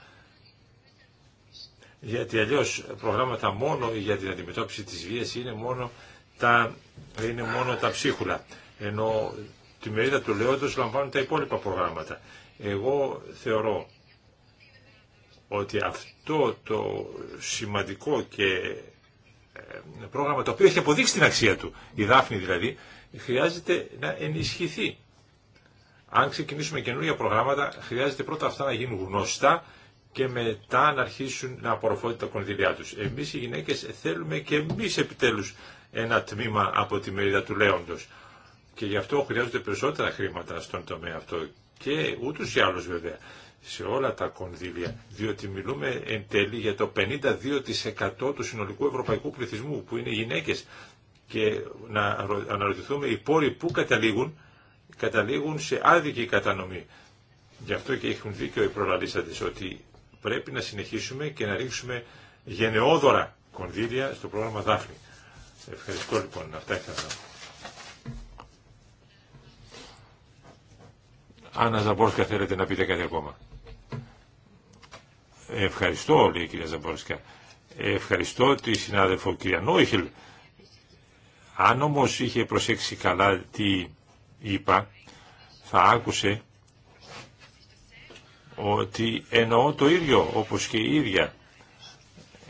γιατί αλλιώ προγράμματα μόνο για την αντιμετώπιση της βίας είναι μόνο τα, είναι μόνο τα ψίχουλα, ενώ τη μερίδα του λεόντος λαμβάνουν τα υπόλοιπα προγράμματα. Εγώ θεωρώ ότι αυτό το σημαντικό και ε, πρόγραμμα το οποίο έχει αποδείξει την αξία του, η Δάφνη δηλαδή, χρειάζεται να ενισχυθεί. Αν ξεκινήσουμε καινούργια προγράμματα, χρειάζεται πρώτα αυτά να γίνουν γνωστά και μετά να αρχίσουν να απορροφώνται τα κονδύλια τους. Εμείς οι γυναίκες θέλουμε και εμείς επιτέλους ένα τμήμα από τη μερίδα του λέοντος. Και γι' αυτό χρειάζονται περισσότερα χρήματα στον τομέα αυτό. Και ούτως ή άλλως βέβαια σε όλα τα κονδύλια, διότι μιλούμε εν τέλει για το 52% του συνολικού ευρωπαϊκού πληθυσμού που είναι γυναίκες και να αναρωτηθούμε οι πόροι που καταλήγουν, καταλήγουν σε άδικη κατανομή. Γι' αυτό και έχουν δίκιο οι προλαλήσαντες ότι πρέπει να συνεχίσουμε και να ρίξουμε γενναιόδωρα κονδύλια στο πρόγραμμα Δάφνη. Ευχαριστώ λοιπόν. Αυτά ήθελα να Άννα Ζαμπόρσκα θέλετε να πείτε κάτι ακόμα. Ευχαριστώ, λέει η κυρία Ζαμπόρσκα. Ευχαριστώ τη συνάδελφο κυρία Νόιχελ. Αν όμω είχε προσέξει καλά τι είπα, θα άκουσε ότι εννοώ το ίδιο όπως και η ίδια.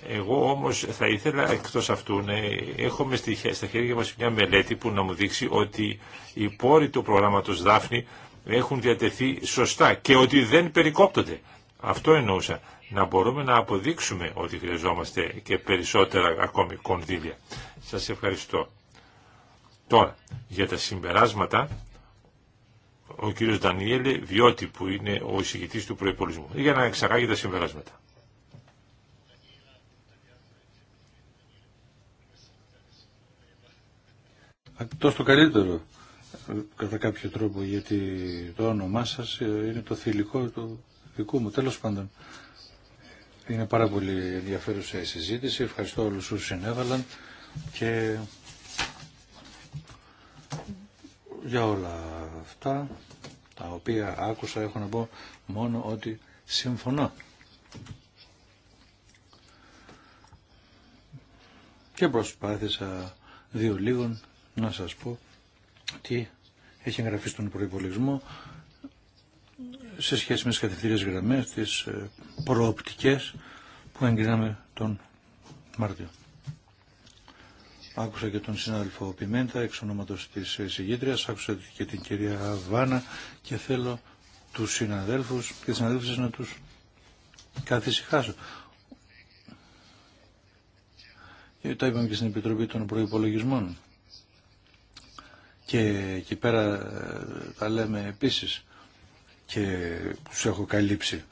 Εγώ όμως θα ήθελα εκτός αυτού να έχουμε στα χέρια μας μια μελέτη που να μου δείξει ότι οι πόροι του προγράμματος Δάφνη έχουν διατεθεί σωστά και ότι δεν περικόπτονται. Αυτό εννοούσα. Να μπορούμε να αποδείξουμε ότι χρειαζόμαστε και περισσότερα ακόμη κονδύλια. Σας ευχαριστώ. Τώρα, για τα συμπεράσματα ο κύριος Δανιέλε Βιώτη που είναι ο εισηγητή του προπολισμού, για να εξαγάγει τα συμπεράσματα. Ακτό το καλύτερο κατά κάποιο τρόπο γιατί το όνομά σας ε, είναι το θηλυκό του δικού μου. Τέλος πάντων είναι πάρα πολύ ενδιαφέρουσα η συζήτηση. Ευχαριστώ όλους όσους συνέβαλαν και για όλα αυτά τα οποία άκουσα έχω να πω μόνο ότι συμφωνώ. Και προσπάθησα δύο λίγων να σας πω τι έχει εγγραφεί στον προϋπολογισμό σε σχέση με τις κατευθυντήριες γραμμές, τις ε, προοπτικές που εγκρίναμε τον Μάρτιο. Άκουσα και τον συνάδελφο Πιμέντα, εξ ονόματος της συγγήτριας, άκουσα και την κυρία Βάνα και θέλω τους συναδέλφους και τις συναδέλφες να τους καθησυχάσω. Ε, τα είπαμε και στην Επιτροπή των Προϋπολογισμών. Και εκεί πέρα ε, τα λέμε επίσης και τους έχω καλύψει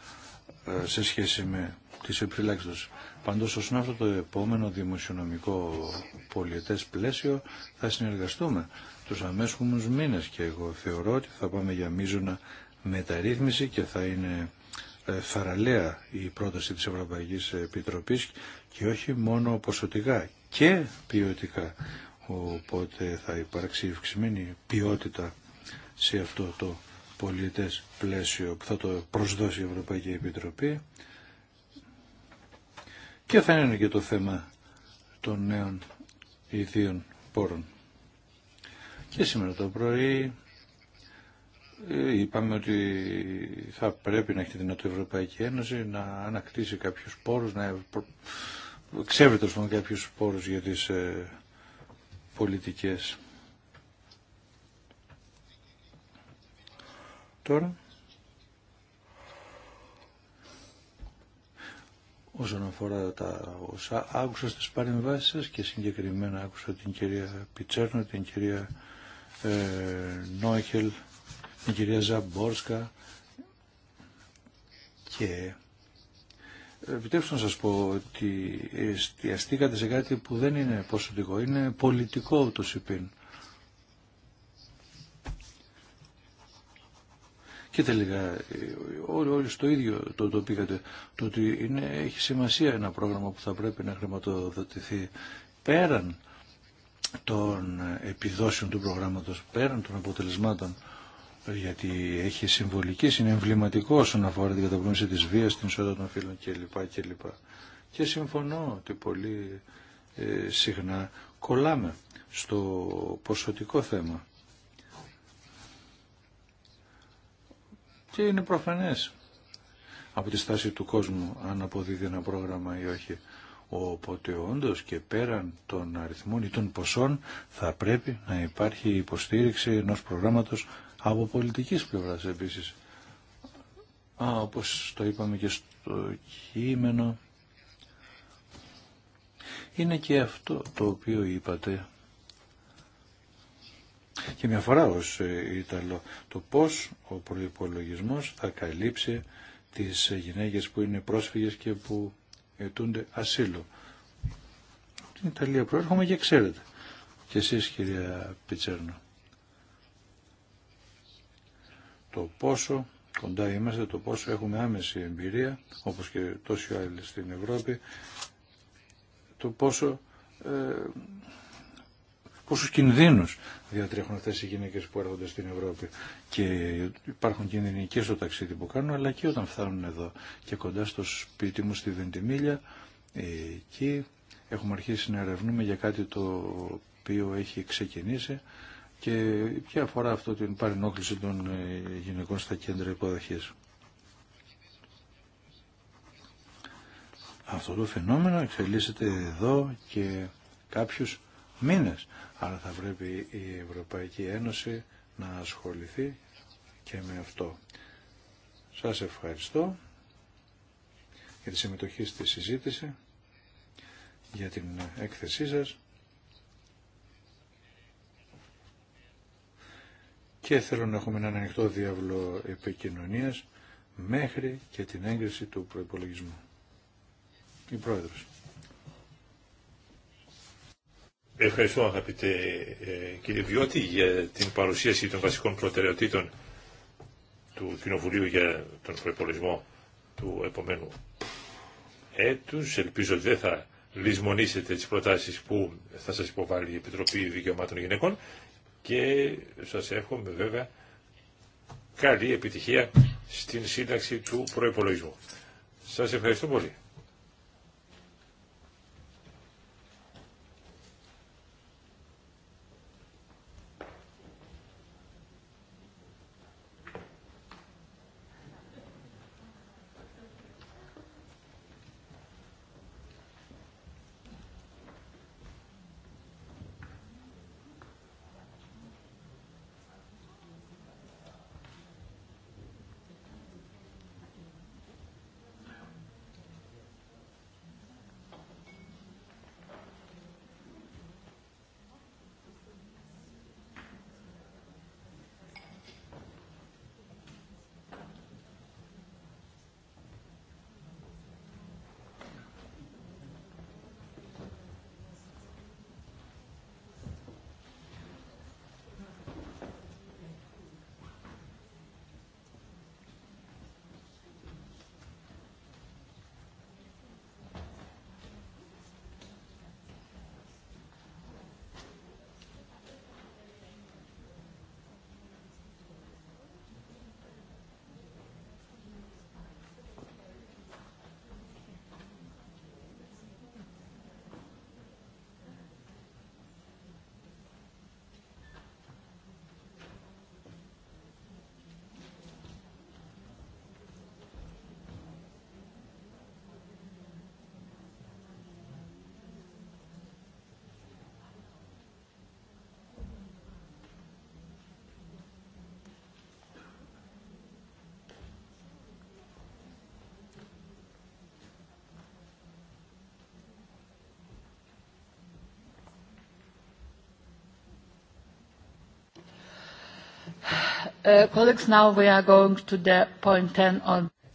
ε, σε σχέση με τις επιφυλάξεις του. Πάντως όσον αυτό το επόμενο δημοσιονομικό πολιετές πλαίσιο θα συνεργαστούμε τους αμέσχουμους μήνες και εγώ θεωρώ ότι θα πάμε για μείζωνα μεταρρύθμιση και θα είναι ε, θαραλέα η πρόταση της Ευρωπαϊκής Επιτροπής και όχι μόνο ποσοτικά και ποιοτικά. Οπότε θα υπάρξει ευξημένη ποιότητα σε αυτό το πολιτες πλαίσιο που θα το προσδώσει η Ευρωπαϊκή Επιτροπή και θα είναι και το θέμα των νέων ιδίων πόρων. Και σήμερα το πρωί ε, είπαμε ότι θα πρέπει να έχει τη η Ευρωπαϊκή Ένωση να ανακτήσει κάποιους πόρους, να ξέβρεται πούμε, κάποιους πόρους για τις ε, πολιτικές. Τώρα Όσον αφορά τα όσα άκουσα στις παρεμβάσεις σας και συγκεκριμένα άκουσα την κυρία Πιτσέρνο, την κυρία ε, Νόχελ, την κυρία Ζαμπόρσκα και επιτρέψτε να σας πω ότι εστιαστήκατε σε κάτι που δεν είναι ποσοτικό, είναι πολιτικό το ΣΥΠΗΝ. Και τελικά όλοι, όλοι στο ίδιο το, το πήγατε, το ότι είναι, έχει σημασία ένα πρόγραμμα που θα πρέπει να χρηματοδοτηθεί πέραν των επιδόσεων του προγράμματος, πέραν των αποτελεσμάτων, γιατί έχει συμβολική, είναι εμβληματικό όσον αφορά την καταπληκτική της βίας, την ισότητα των φίλων κλπ. Και συμφωνώ ότι πολύ ε, συχνά κολλάμε στο ποσοτικό θέμα. Και είναι προφανές από τη στάση του κόσμου αν αποδίδει ένα πρόγραμμα ή όχι. Οπότε όντω και πέραν των αριθμών ή των ποσών θα πρέπει να υπάρχει υποστήριξη ενός προγράμματος από πολιτικής πλευράς επίσης. Α, όπως το είπαμε και στο κείμενο, είναι και αυτό το οποίο είπατε και μια φορά ως Ιταλό ε, το πώς ο προπολογισμό θα καλύψει τις ε, γυναίκες που είναι πρόσφυγες και που ετούνται ασύλο. Την Ιταλία προέρχομαι και ξέρετε. Και εσείς κυρία Πιτσέρνο. Το πόσο κοντά είμαστε, το πόσο έχουμε άμεση εμπειρία, όπως και τόσοι άλλοι στην Ευρώπη, το πόσο ε, πόσους κινδύνους διατρέχουν αυτές οι γυναίκες που έρχονται στην Ευρώπη και υπάρχουν κινδυνοί και στο ταξίδι που κάνουν αλλά και όταν φτάνουν εδώ και κοντά στο σπίτι μου στη Βεντιμίλια εκεί έχουμε αρχίσει να ερευνούμε για κάτι το οποίο έχει ξεκινήσει και ποια αφορά αυτό την παρενόχληση των ε, γυναικών στα κέντρα υποδοχής. Αυτό το φαινόμενο εξελίσσεται εδώ και κάποιους μήνες. Άρα θα πρέπει η Ευρωπαϊκή Ένωση να ασχοληθεί και με αυτό. Σας ευχαριστώ για τη συμμετοχή στη συζήτηση, για την έκθεσή σας και θέλω να έχουμε έναν ανοιχτό διάβλο επικοινωνίας μέχρι και την έγκριση του προϋπολογισμού. Η Πρόεδρος. Ευχαριστώ αγαπητέ ε, κύριε Βιώτη για την παρουσίαση των βασικών προτεραιοτήτων του Κοινοβουλίου για τον προπολογισμό του επομένου έτους. Ελπίζω ότι δεν θα λησμονήσετε τις προτάσεις που θα σας υποβάλει η Επιτροπή Δικαιωμάτων Γυναικών και σας εύχομαι βέβαια καλή επιτυχία στην σύνταξη του προϋπολογισμού. Σας ευχαριστώ πολύ.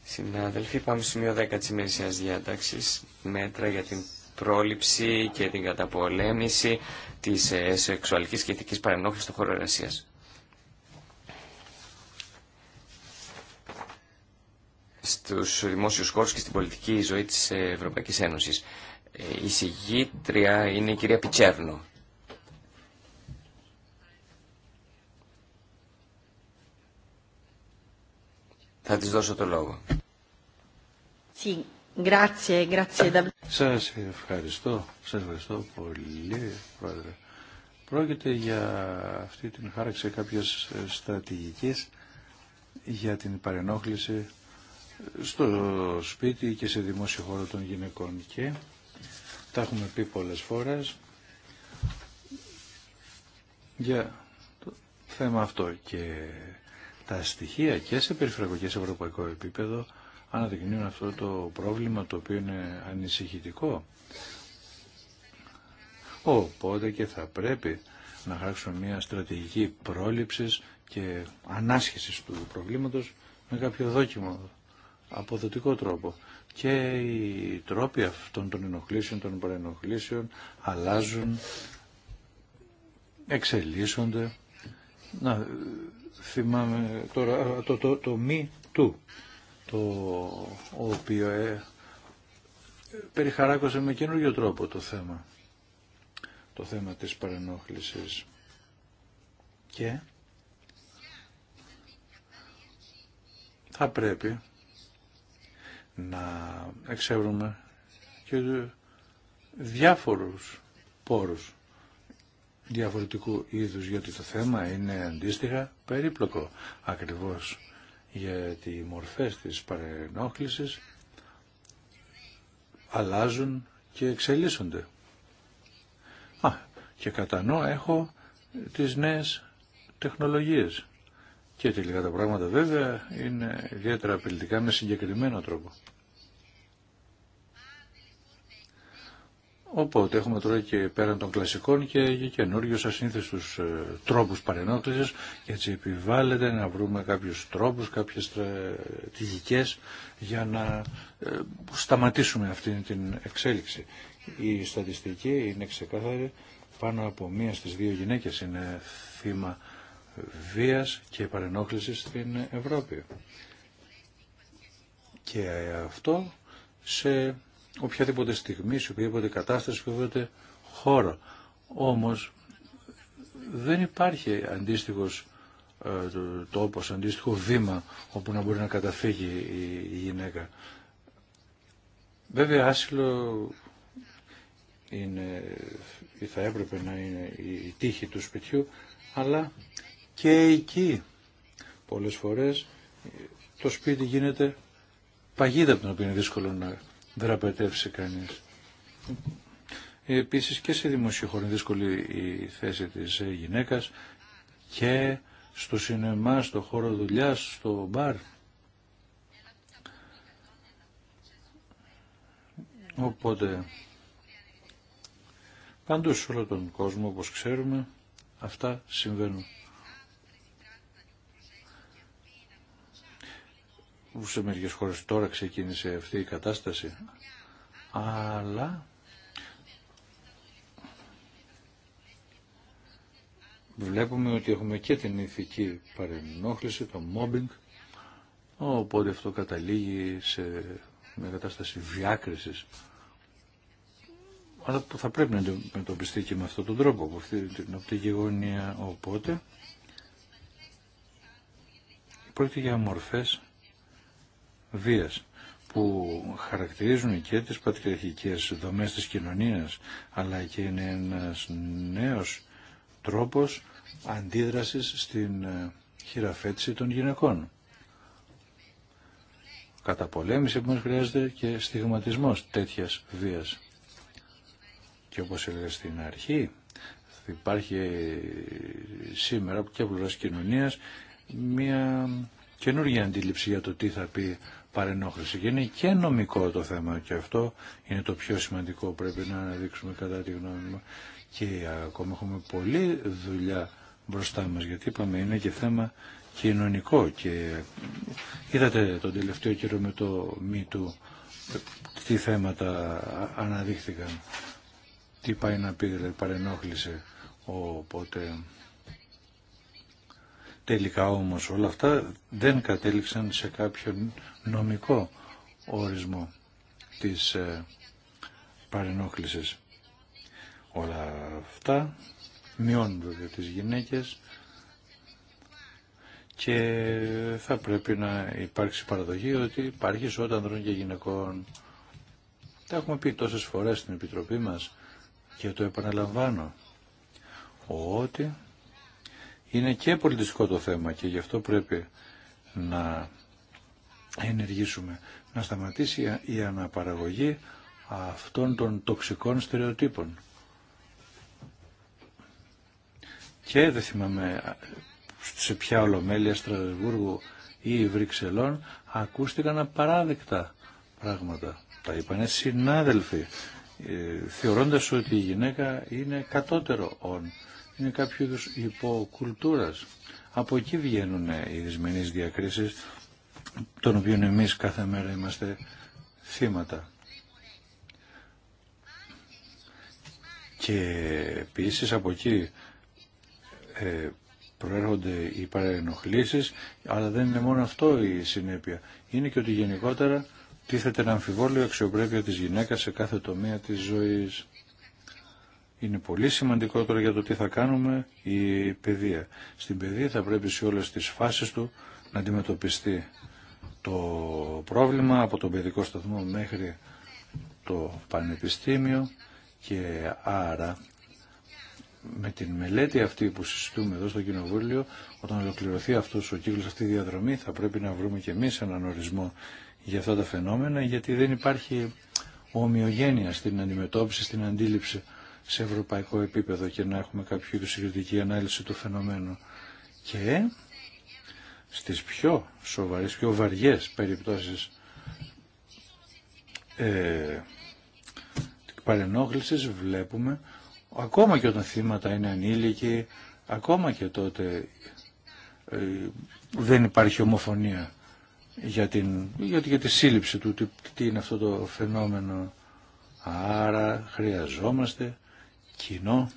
Συνάδελφοι, πάμε στο σημείο 10 της ημερησίας διάταξης. Μέτρα για την πρόληψη και την καταπολέμηση της ε, σεξουαλικής και ηθικής παρενόχλησης στον χώρο εργασίας. Στους δημόσιους χώρους και στην πολιτική ζωή της ε, Ευρωπαϊκής Ένωσης. Ε, η συγγήτρια είναι η κυρία Πιτσέρνο. Θα της δώσω το λόγο. Σας ευχαριστώ. Σας ευχαριστώ πολύ, Πρόεδρε. Πρόκειται για αυτή την χάραξη κάποιες στρατηγικές για την παρενόχληση στο σπίτι και σε δημόσιο χώρο των γυναικών και τα έχουμε πει πολλές φορές για το θέμα αυτό και τα στοιχεία και σε περιφερειακό και σε ευρωπαϊκό επίπεδο αναδεικνύουν αυτό το πρόβλημα το οποίο είναι ανησυχητικό. Οπότε και θα πρέπει να χαράξουμε μια στρατηγική πρόληψης και ανάσχεσης του προβλήματος με κάποιο δόκιμο, αποδοτικό τρόπο. Και οι τρόποι αυτών των ενοχλήσεων, των παρενοχλήσεων αλλάζουν, εξελίσσονται. Να θυμάμαι τώρα το, το, το μη του το οποίο ε, περιχαράκωσε με καινούργιο τρόπο το θέμα το θέμα της παρενόχλησης και θα πρέπει να εξεύρουμε και διάφορους πόρους διαφορετικού είδους, γιατί το θέμα είναι αντίστοιχα περίπλοκο. Ακριβώς γιατί οι μορφές της παρενόχλησης αλλάζουν και εξελίσσονται. Α, και κατανό έχω τις νέες τεχνολογίες. Και τελικά τα πράγματα βέβαια είναι ιδιαίτερα απειλητικά με συγκεκριμένο τρόπο. Οπότε έχουμε τώρα και πέραν των κλασικών και καινούριου ασύνθεστου ε, τρόπου παρενόχληση και έτσι επιβάλλεται να βρούμε κάποιου τρόπου, κάποιε στρατηγικέ ε, για να ε, σταματήσουμε αυτή την εξέλιξη. Η στατιστική είναι ξεκάθαρη. Πάνω από μία στις δύο γυναίκες είναι θύμα βίας και παρενόχληση στην Ευρώπη. Και αυτό σε οποιαδήποτε στιγμή, σε οποιαδήποτε κατάσταση, σε οποιαδήποτε χώρο. Όμως δεν υπάρχει αντίστοιχος ε, τόπος, αντίστοιχο βήμα όπου να μπορεί να καταφύγει η γυναίκα. Βέβαια άσυλο είναι, ή θα έπρεπε να είναι η τύχη του σπιτιού, αλλά και εκεί πολλές φορές το σπίτι γίνεται παγίδα από την οποία είναι δύσκολο να δραπετεύσει κανείς. Επίσης και σε δημοσιοχωρή δύσκολη η θέση της γυναίκας και στο σινεμά, στο χώρο δουλειά στο μπαρ. Οπότε, πάντως σε όλο τον κόσμο, όπως ξέρουμε, αυτά συμβαίνουν. σε μερικές χώρες τώρα ξεκίνησε αυτή η κατάσταση, αλλά βλέπουμε ότι έχουμε και την ηθική παρενόχληση, το mobbing, οπότε αυτό καταλήγει σε μια κατάσταση διάκρισης αλλά που θα πρέπει να αντιμετωπιστεί και με αυτόν τον τρόπο, από αυτή την οπτική γωνία οπότε. Πρόκειται για μορφές βίας που χαρακτηρίζουν και τις πατριαρχικές δομές της κοινωνίας αλλά και είναι ένας νέος τρόπος αντίδρασης στην ε, χειραφέτηση των γυναικών. Καταπολέμηση που μας χρειάζεται και στιγματισμός τέτοιας βίας. Και όπως έλεγα στην αρχή, υπάρχει σήμερα και από κοινωνίας μια καινούργια αντίληψη για το τι θα πει παρενόχληση. Και είναι και νομικό το θέμα και αυτό είναι το πιο σημαντικό πρέπει να αναδείξουμε κατά τη γνώμη μου. Και ακόμα έχουμε πολλή δουλειά μπροστά μας γιατί είπαμε είναι και θέμα κοινωνικό και είδατε τον τελευταίο καιρό με το μη του τι θέματα αναδείχθηκαν τι πάει να πει δηλαδή παρενόχλησε οπότε τελικά όμως όλα αυτά δεν κατέληξαν σε κάποιον νομικό ορισμό της ε, παρενόχλησης. Όλα αυτά μειώνουν βέβαια τις γυναίκες και θα πρέπει να υπάρξει παραδοχή ότι υπάρχει ισότητα ανδρών και γυναικών. Τα έχουμε πει τόσες φορές στην Επιτροπή μας και το επαναλαμβάνω ότι είναι και πολιτιστικό το θέμα και γι' αυτό πρέπει να ενεργήσουμε. Να σταματήσει η αναπαραγωγή αυτών των τοξικών στερεοτύπων. Και δεν θυμάμαι σε ποια ολομέλεια Στρασβούργου ή Βρυξελών ακούστηκαν απαράδεκτα πράγματα. Τα είπανε συνάδελφοι, ε, θεωρώντας ότι η γυναίκα είναι κατώτερο συναδελφοι είναι κάποιο είδους υποκουλτούρας. καποιο εκεί βγαίνουν οι δυσμενείς διακρίσεις των οποίων εμείς κάθε μέρα είμαστε θύματα. Και επίσης από εκεί ε, προέρχονται οι παρενοχλήσεις, αλλά δεν είναι μόνο αυτό η συνέπεια. Είναι και ότι γενικότερα τίθεται να η αξιοπρέπεια της γυναίκας σε κάθε τομέα της ζωής. Είναι πολύ σημαντικό για το τι θα κάνουμε η παιδεία. Στην παιδεία θα πρέπει σε όλες τις φάσεις του να αντιμετωπιστεί το πρόβλημα από τον παιδικό σταθμό μέχρι το πανεπιστήμιο και άρα με την μελέτη αυτή που συζητούμε εδώ στο Κοινοβούλιο, όταν ολοκληρωθεί αυτός ο κύκλος, αυτή η διαδρομή, θα πρέπει να βρούμε και εμείς έναν ορισμό για αυτά τα φαινόμενα, γιατί δεν υπάρχει ομοιογένεια στην αντιμετώπιση, στην αντίληψη σε ευρωπαϊκό επίπεδο και να έχουμε κάποιο συγκριτική ανάλυση του φαινομένου. Και στις πιο σοβαρές, πιο βαριές περιπτώσεις ε, παρενόχλησης βλέπουμε ακόμα και όταν θύματα είναι ανήλικοι, ακόμα και τότε ε, δεν υπάρχει ομοφωνία για, την, για, τη σύλληψη του τι, τι είναι αυτό το φαινόμενο. Άρα χρειαζόμαστε κοινό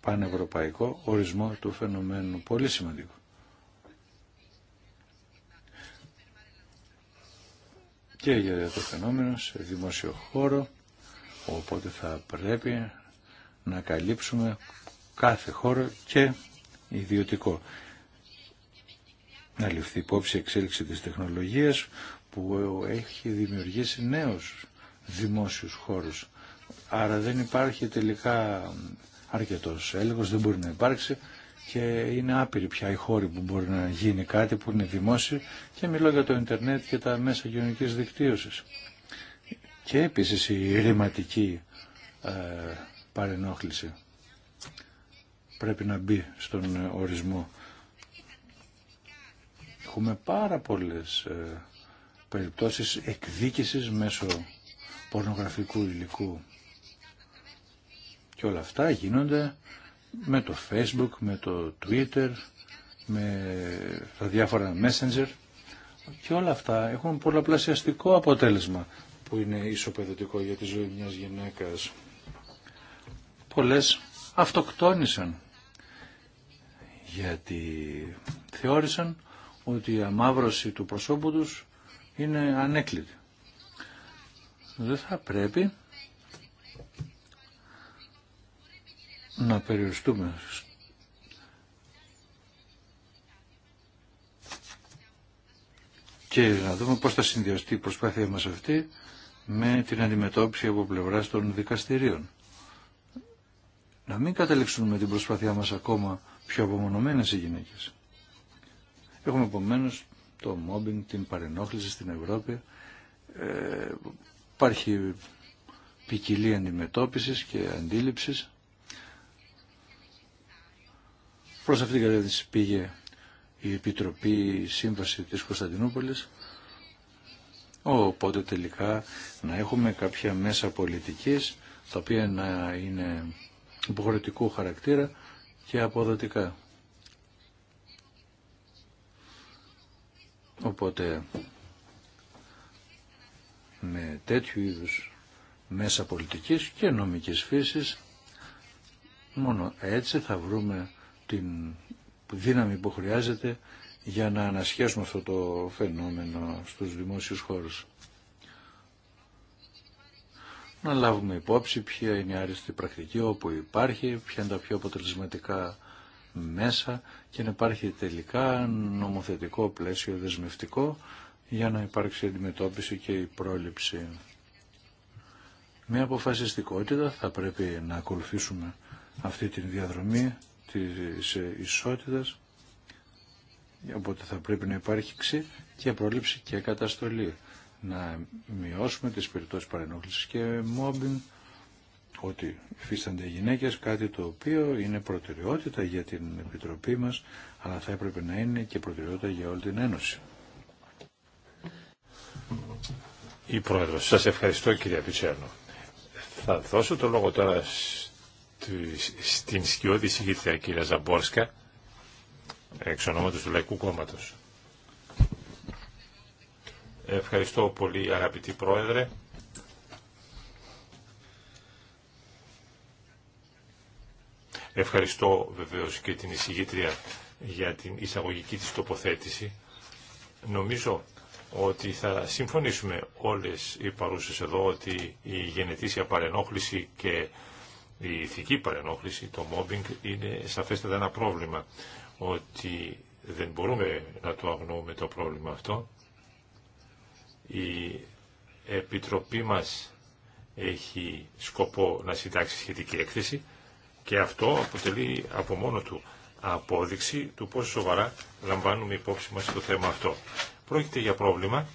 πανευρωπαϊκό ορισμό του φαινομένου. Πολύ σημαντικό. και για το φαινόμενο σε δημόσιο χώρο, οπότε θα πρέπει να καλύψουμε κάθε χώρο και ιδιωτικό. Να ληφθεί υπόψη η εξέλιξη της τεχνολογίας που έχει δημιουργήσει νέους δημόσιους χώρους. Άρα δεν υπάρχει τελικά αρκετός έλεγχος, δεν μπορεί να υπάρξει και είναι άπειροι πια οι χώροι που μπορεί να γίνει κάτι που είναι δημόσιο και μιλώ για το ίντερνετ και τα μέσα κοινωνική δικτύωσης. Και επίσης η ρηματική ε, παρενόχληση πρέπει να μπει στον ορισμό. Έχουμε πάρα πολλές ε, περιπτώσεις εκδίκησης μέσω πορνογραφικού υλικού. Και όλα αυτά γίνονται με το facebook, με το twitter, με τα διάφορα messenger και όλα αυτά έχουν πολλαπλασιαστικό αποτέλεσμα που είναι ισοπεδωτικό για τη ζωή μιας γυναίκας. Πολλές αυτοκτόνησαν γιατί θεώρησαν ότι η αμάβρωση του προσώπου τους είναι ανέκλητη. Δεν θα πρέπει να περιοριστούμε και να δούμε πώς θα συνδυαστεί η προσπάθεια μας αυτή με την αντιμετώπιση από πλευράς των δικαστηρίων. Να μην καταλήξουν με την προσπάθειά μας ακόμα πιο απομονωμένες οι γυναίκες. Έχουμε επομένω το μόμπινγκ, την παρενόχληση στην Ευρώπη. Ε, υπάρχει ποικιλία αντιμετώπισης και αντίληψης. Προς αυτήν την κατεύθυνση πήγε η Επιτροπή Σύμβαση της Κωνσταντινούπολης, οπότε τελικά να έχουμε κάποια μέσα πολιτικής, τα οποία να είναι υποχρεωτικού χαρακτήρα και αποδοτικά. Οπότε με τέτοιου είδους μέσα πολιτικής και νομικής φύσης μόνο έτσι θα βρούμε την δύναμη που χρειάζεται για να ανασχέσουμε αυτό το φαινόμενο στους δημόσιους χώρους. Να λάβουμε υπόψη ποια είναι η άριστη πρακτική όπου υπάρχει, ποια είναι τα πιο αποτελεσματικά μέσα και να υπάρχει τελικά νομοθετικό πλαίσιο δεσμευτικό για να υπάρξει αντιμετώπιση και η πρόληψη. Μια αποφασιστικότητα θα πρέπει να ακολουθήσουμε αυτή τη διαδρομή της ε, ισότητας οπότε θα πρέπει να υπάρχει και προλήψη και καταστολή να μειώσουμε τις περιπτώσεις παρενόχλησης και μόμπιν ότι υφίστανται οι γυναίκες κάτι το οποίο είναι προτεραιότητα για την Επιτροπή μας αλλά θα έπρεπε να είναι και προτεραιότητα για όλη την Ένωση. Η Πρόεδρος, σας ευχαριστώ κύριε Θα δώσω το λόγο τώρα στην σκιώδη συγγήτρια κυρία Ζαμπόρσκα εξ ονόματος του Λαϊκού Κόμματος. Ευχαριστώ πολύ αγαπητή Πρόεδρε. Ευχαριστώ βεβαίως και την εισηγήτρια για την εισαγωγική της τοποθέτηση. Νομίζω ότι θα συμφωνήσουμε όλες οι παρούσες εδώ ότι η γενετήσια παρενόχληση και η ηθική παρενόχληση, το mobbing είναι σαφέστατα ένα πρόβλημα. Ότι δεν μπορούμε να το αγνοούμε το πρόβλημα αυτό. Η Επιτροπή μας έχει σκοπό να συντάξει σχετική έκθεση και αυτό αποτελεί από μόνο του απόδειξη του πόσο σοβαρά λαμβάνουμε υπόψη μας το θέμα αυτό. Πρόκειται για πρόβλημα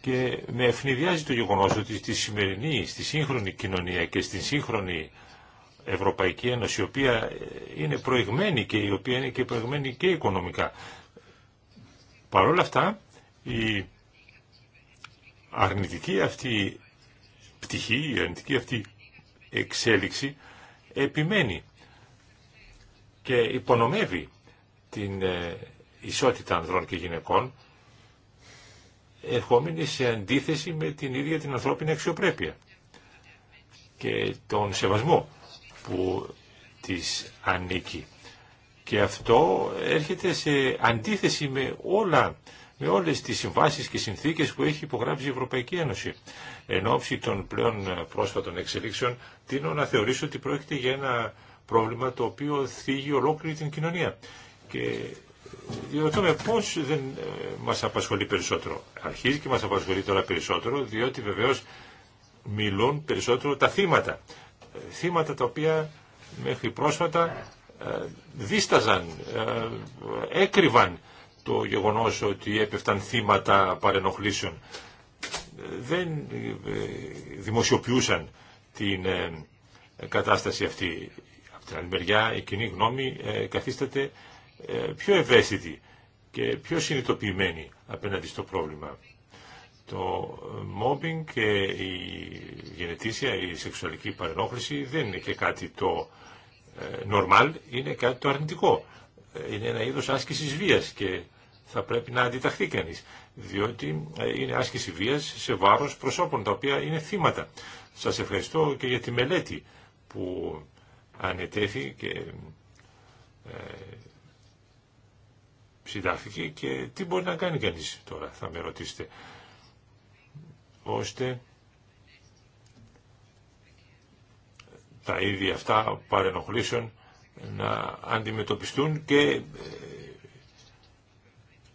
και με ευνηδιάζει το γεγονός ότι στη σημερινή, στη σύγχρονη κοινωνία και στη σύγχρονη Ευρωπαϊκή Ένωση, η οποία είναι προηγμένη και η οποία είναι και προηγμένη και οικονομικά. Παρ' όλα αυτά, η αρνητική αυτή πτυχή, η αρνητική αυτή εξέλιξη επιμένει και υπονομεύει την ε, ισότητα ανδρών και γυναικών ερχόμενη σε αντίθεση με την ίδια την ανθρώπινη αξιοπρέπεια και τον σεβασμό που της ανήκει. Και αυτό έρχεται σε αντίθεση με όλα με όλες τις συμβάσεις και συνθήκες που έχει υπογράψει η Ευρωπαϊκή Ένωση. Εν ώψη των πλέον πρόσφατων εξελίξεων, τίνω να θεωρήσω ότι πρόκειται για ένα πρόβλημα το οποίο θίγει ολόκληρη την κοινωνία με πώς δεν ε, μας απασχολεί περισσότερο. Αρχίζει και μας απασχολεί τώρα περισσότερο, διότι βεβαίως μιλούν περισσότερο τα θύματα. Ε, θύματα τα οποία μέχρι πρόσφατα ε, δίσταζαν, έκρυβαν το γεγονός ότι έπεφταν θύματα παρενοχλήσεων. Δεν δημοσιοποιούσαν την κατάσταση αυτή. Από την άλλη μεριά η κοινή γνώμη καθίσταται ε, πιο ευαίσθητοι και πιο συνειδητοποιημένοι απέναντι στο πρόβλημα. Το μόμπινγκ και η γενετήσια, η σεξουαλική παρενόχληση δεν είναι και κάτι το ε, normal, είναι κάτι το αρνητικό. Ε, είναι ένα είδος άσκησης βίας και θα πρέπει να αντιταχθεί κανείς, διότι είναι άσκηση βίας σε βάρος προσώπων, τα οποία είναι θύματα. Σας ευχαριστώ και για τη μελέτη που ανετέθη και συντάχθηκε και τι μπορεί να κάνει κανείς τώρα, θα με ρωτήσετε, ώστε τα ίδια αυτά παρενοχλήσεων να αντιμετωπιστούν και ε,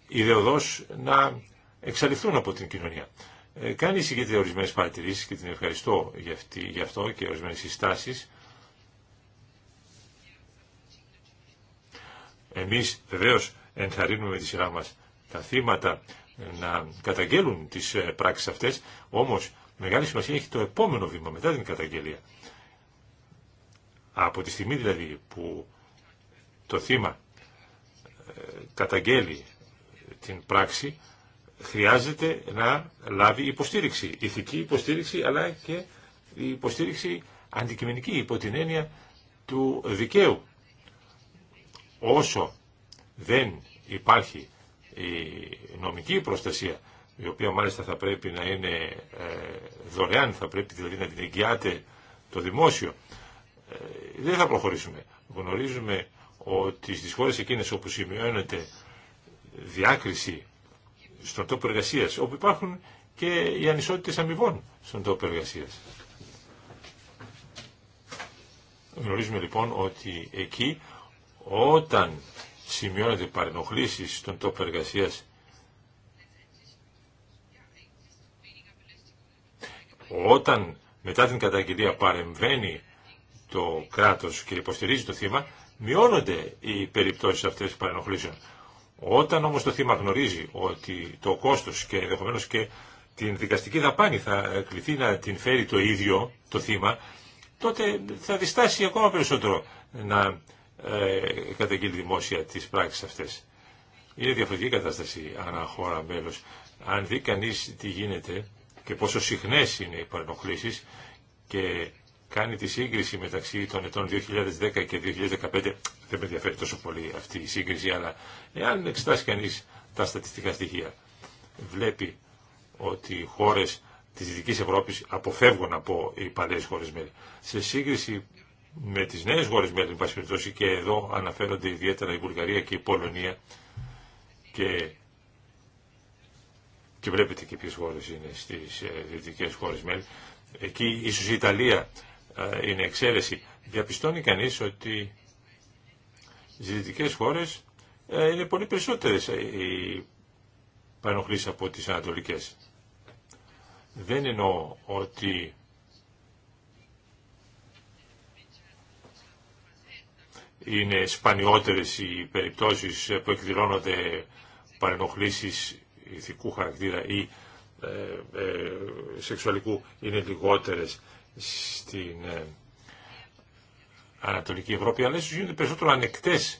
ιδεωδώς να εξαλειφθούν από την κοινωνία. Ε, κάνει συγκεκριμένες ορισμένες παρατηρήσεις και την ευχαριστώ για, αυτή, για αυτό και ορισμένες συστάσεις. Εμείς βεβαίως ενθαρρύνουμε με τη σειρά μας τα θύματα να καταγγέλουν τις ε, πράξεις αυτές, όμως μεγάλη σημασία έχει το επόμενο βήμα μετά την καταγγελία. Από τη στιγμή δηλαδή που το θύμα ε, καταγγέλει την πράξη, χρειάζεται να λάβει υποστήριξη, ηθική υποστήριξη, αλλά και υποστήριξη αντικειμενική υπό την έννοια του δικαίου. Όσο δεν υπάρχει η νομική προστασία, η οποία μάλιστα θα πρέπει να είναι ε, δωρεάν, θα πρέπει δηλαδή να την εγγυάται το δημόσιο, ε, δεν θα προχωρήσουμε. Γνωρίζουμε ότι στις χώρες εκείνες όπου σημειώνεται διάκριση στον τόπο εργασία, όπου υπάρχουν και οι ανισότητες αμοιβών στον τόπο εργασία. Γνωρίζουμε λοιπόν ότι εκεί όταν σημειώνονται παρενοχλήσεις στον τόπο εργασία. Όταν μετά την καταγγελία παρεμβαίνει το κράτος και υποστηρίζει το θύμα, μειώνονται οι περιπτώσεις αυτές παρενοχλήσεων. Όταν όμως το θύμα γνωρίζει ότι το κόστος και ενδεχομένω και την δικαστική δαπάνη θα κληθεί να την φέρει το ίδιο το θύμα, τότε θα διστάσει ακόμα περισσότερο να ε, καταγγείλει δημόσια τις πράξεις αυτές. Είναι διαφορετική κατάσταση ανά χώρα μέλο. Αν δει κανεί τι γίνεται και πόσο συχνέ είναι οι παρενοχλήσει και κάνει τη σύγκριση μεταξύ των ετών 2010 και 2015, δεν με ενδιαφέρει τόσο πολύ αυτή η σύγκριση, αλλά εάν εξετάσει κανεί τα στατιστικά στοιχεία, βλέπει ότι οι χώρες της Δυτικής Ευρώπης αποφεύγουν από οι παλαιέ χώρε μέλη. Σε σύγκριση με τις νέες χώρες την περιπτώσει και εδώ αναφέρονται ιδιαίτερα η Βουλγαρία και η Πολωνία και, και βλέπετε και ποιες χώρες είναι στις ε, δυτικές χώρες μέλη. Εκεί ίσως η Ιταλία ε, είναι εξαίρεση. Διαπιστώνει κανείς ότι στις δυτικές χώρες ε, είναι πολύ περισσότερες οι πανοχλήσεις από τις ανατολικές. Δεν εννοώ ότι είναι σπανιότερες οι περιπτώσεις ε, που εκδηλώνονται παρενοχλήσεις ηθικού χαρακτήρα ή ε, ε σεξουαλικού είναι λιγότερες στην ε, Ανατολική Ευρώπη, αλλά ίσως γίνονται περισσότερο ανεκτές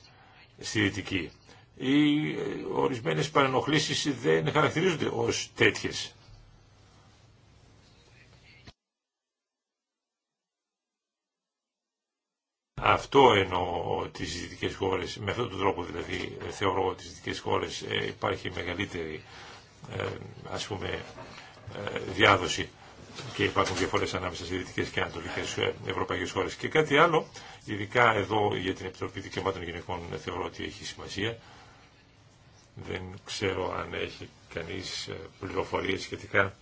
στη Δυτική. Οι ορισμένες παρενοχλήσεις δεν χαρακτηρίζονται ως τέτοιες. Αυτό εννοώ ότι στις δυτικές χώρες, με αυτόν τον τρόπο δηλαδή ε, θεωρώ ότι στις δυτικές χώρες ε, υπάρχει μεγαλύτερη ε, ας πούμε διάδοση και υπάρχουν διαφορές ανάμεσα στις δυτικές και ανατολικές ευρωπαϊκές χώρες. Και κάτι άλλο, ειδικά εδώ για την Επιτροπή Δικαιωμάτων Γυναικών θεωρώ ότι έχει σημασία. Δεν ξέρω αν έχει κανείς πληροφορίες σχετικά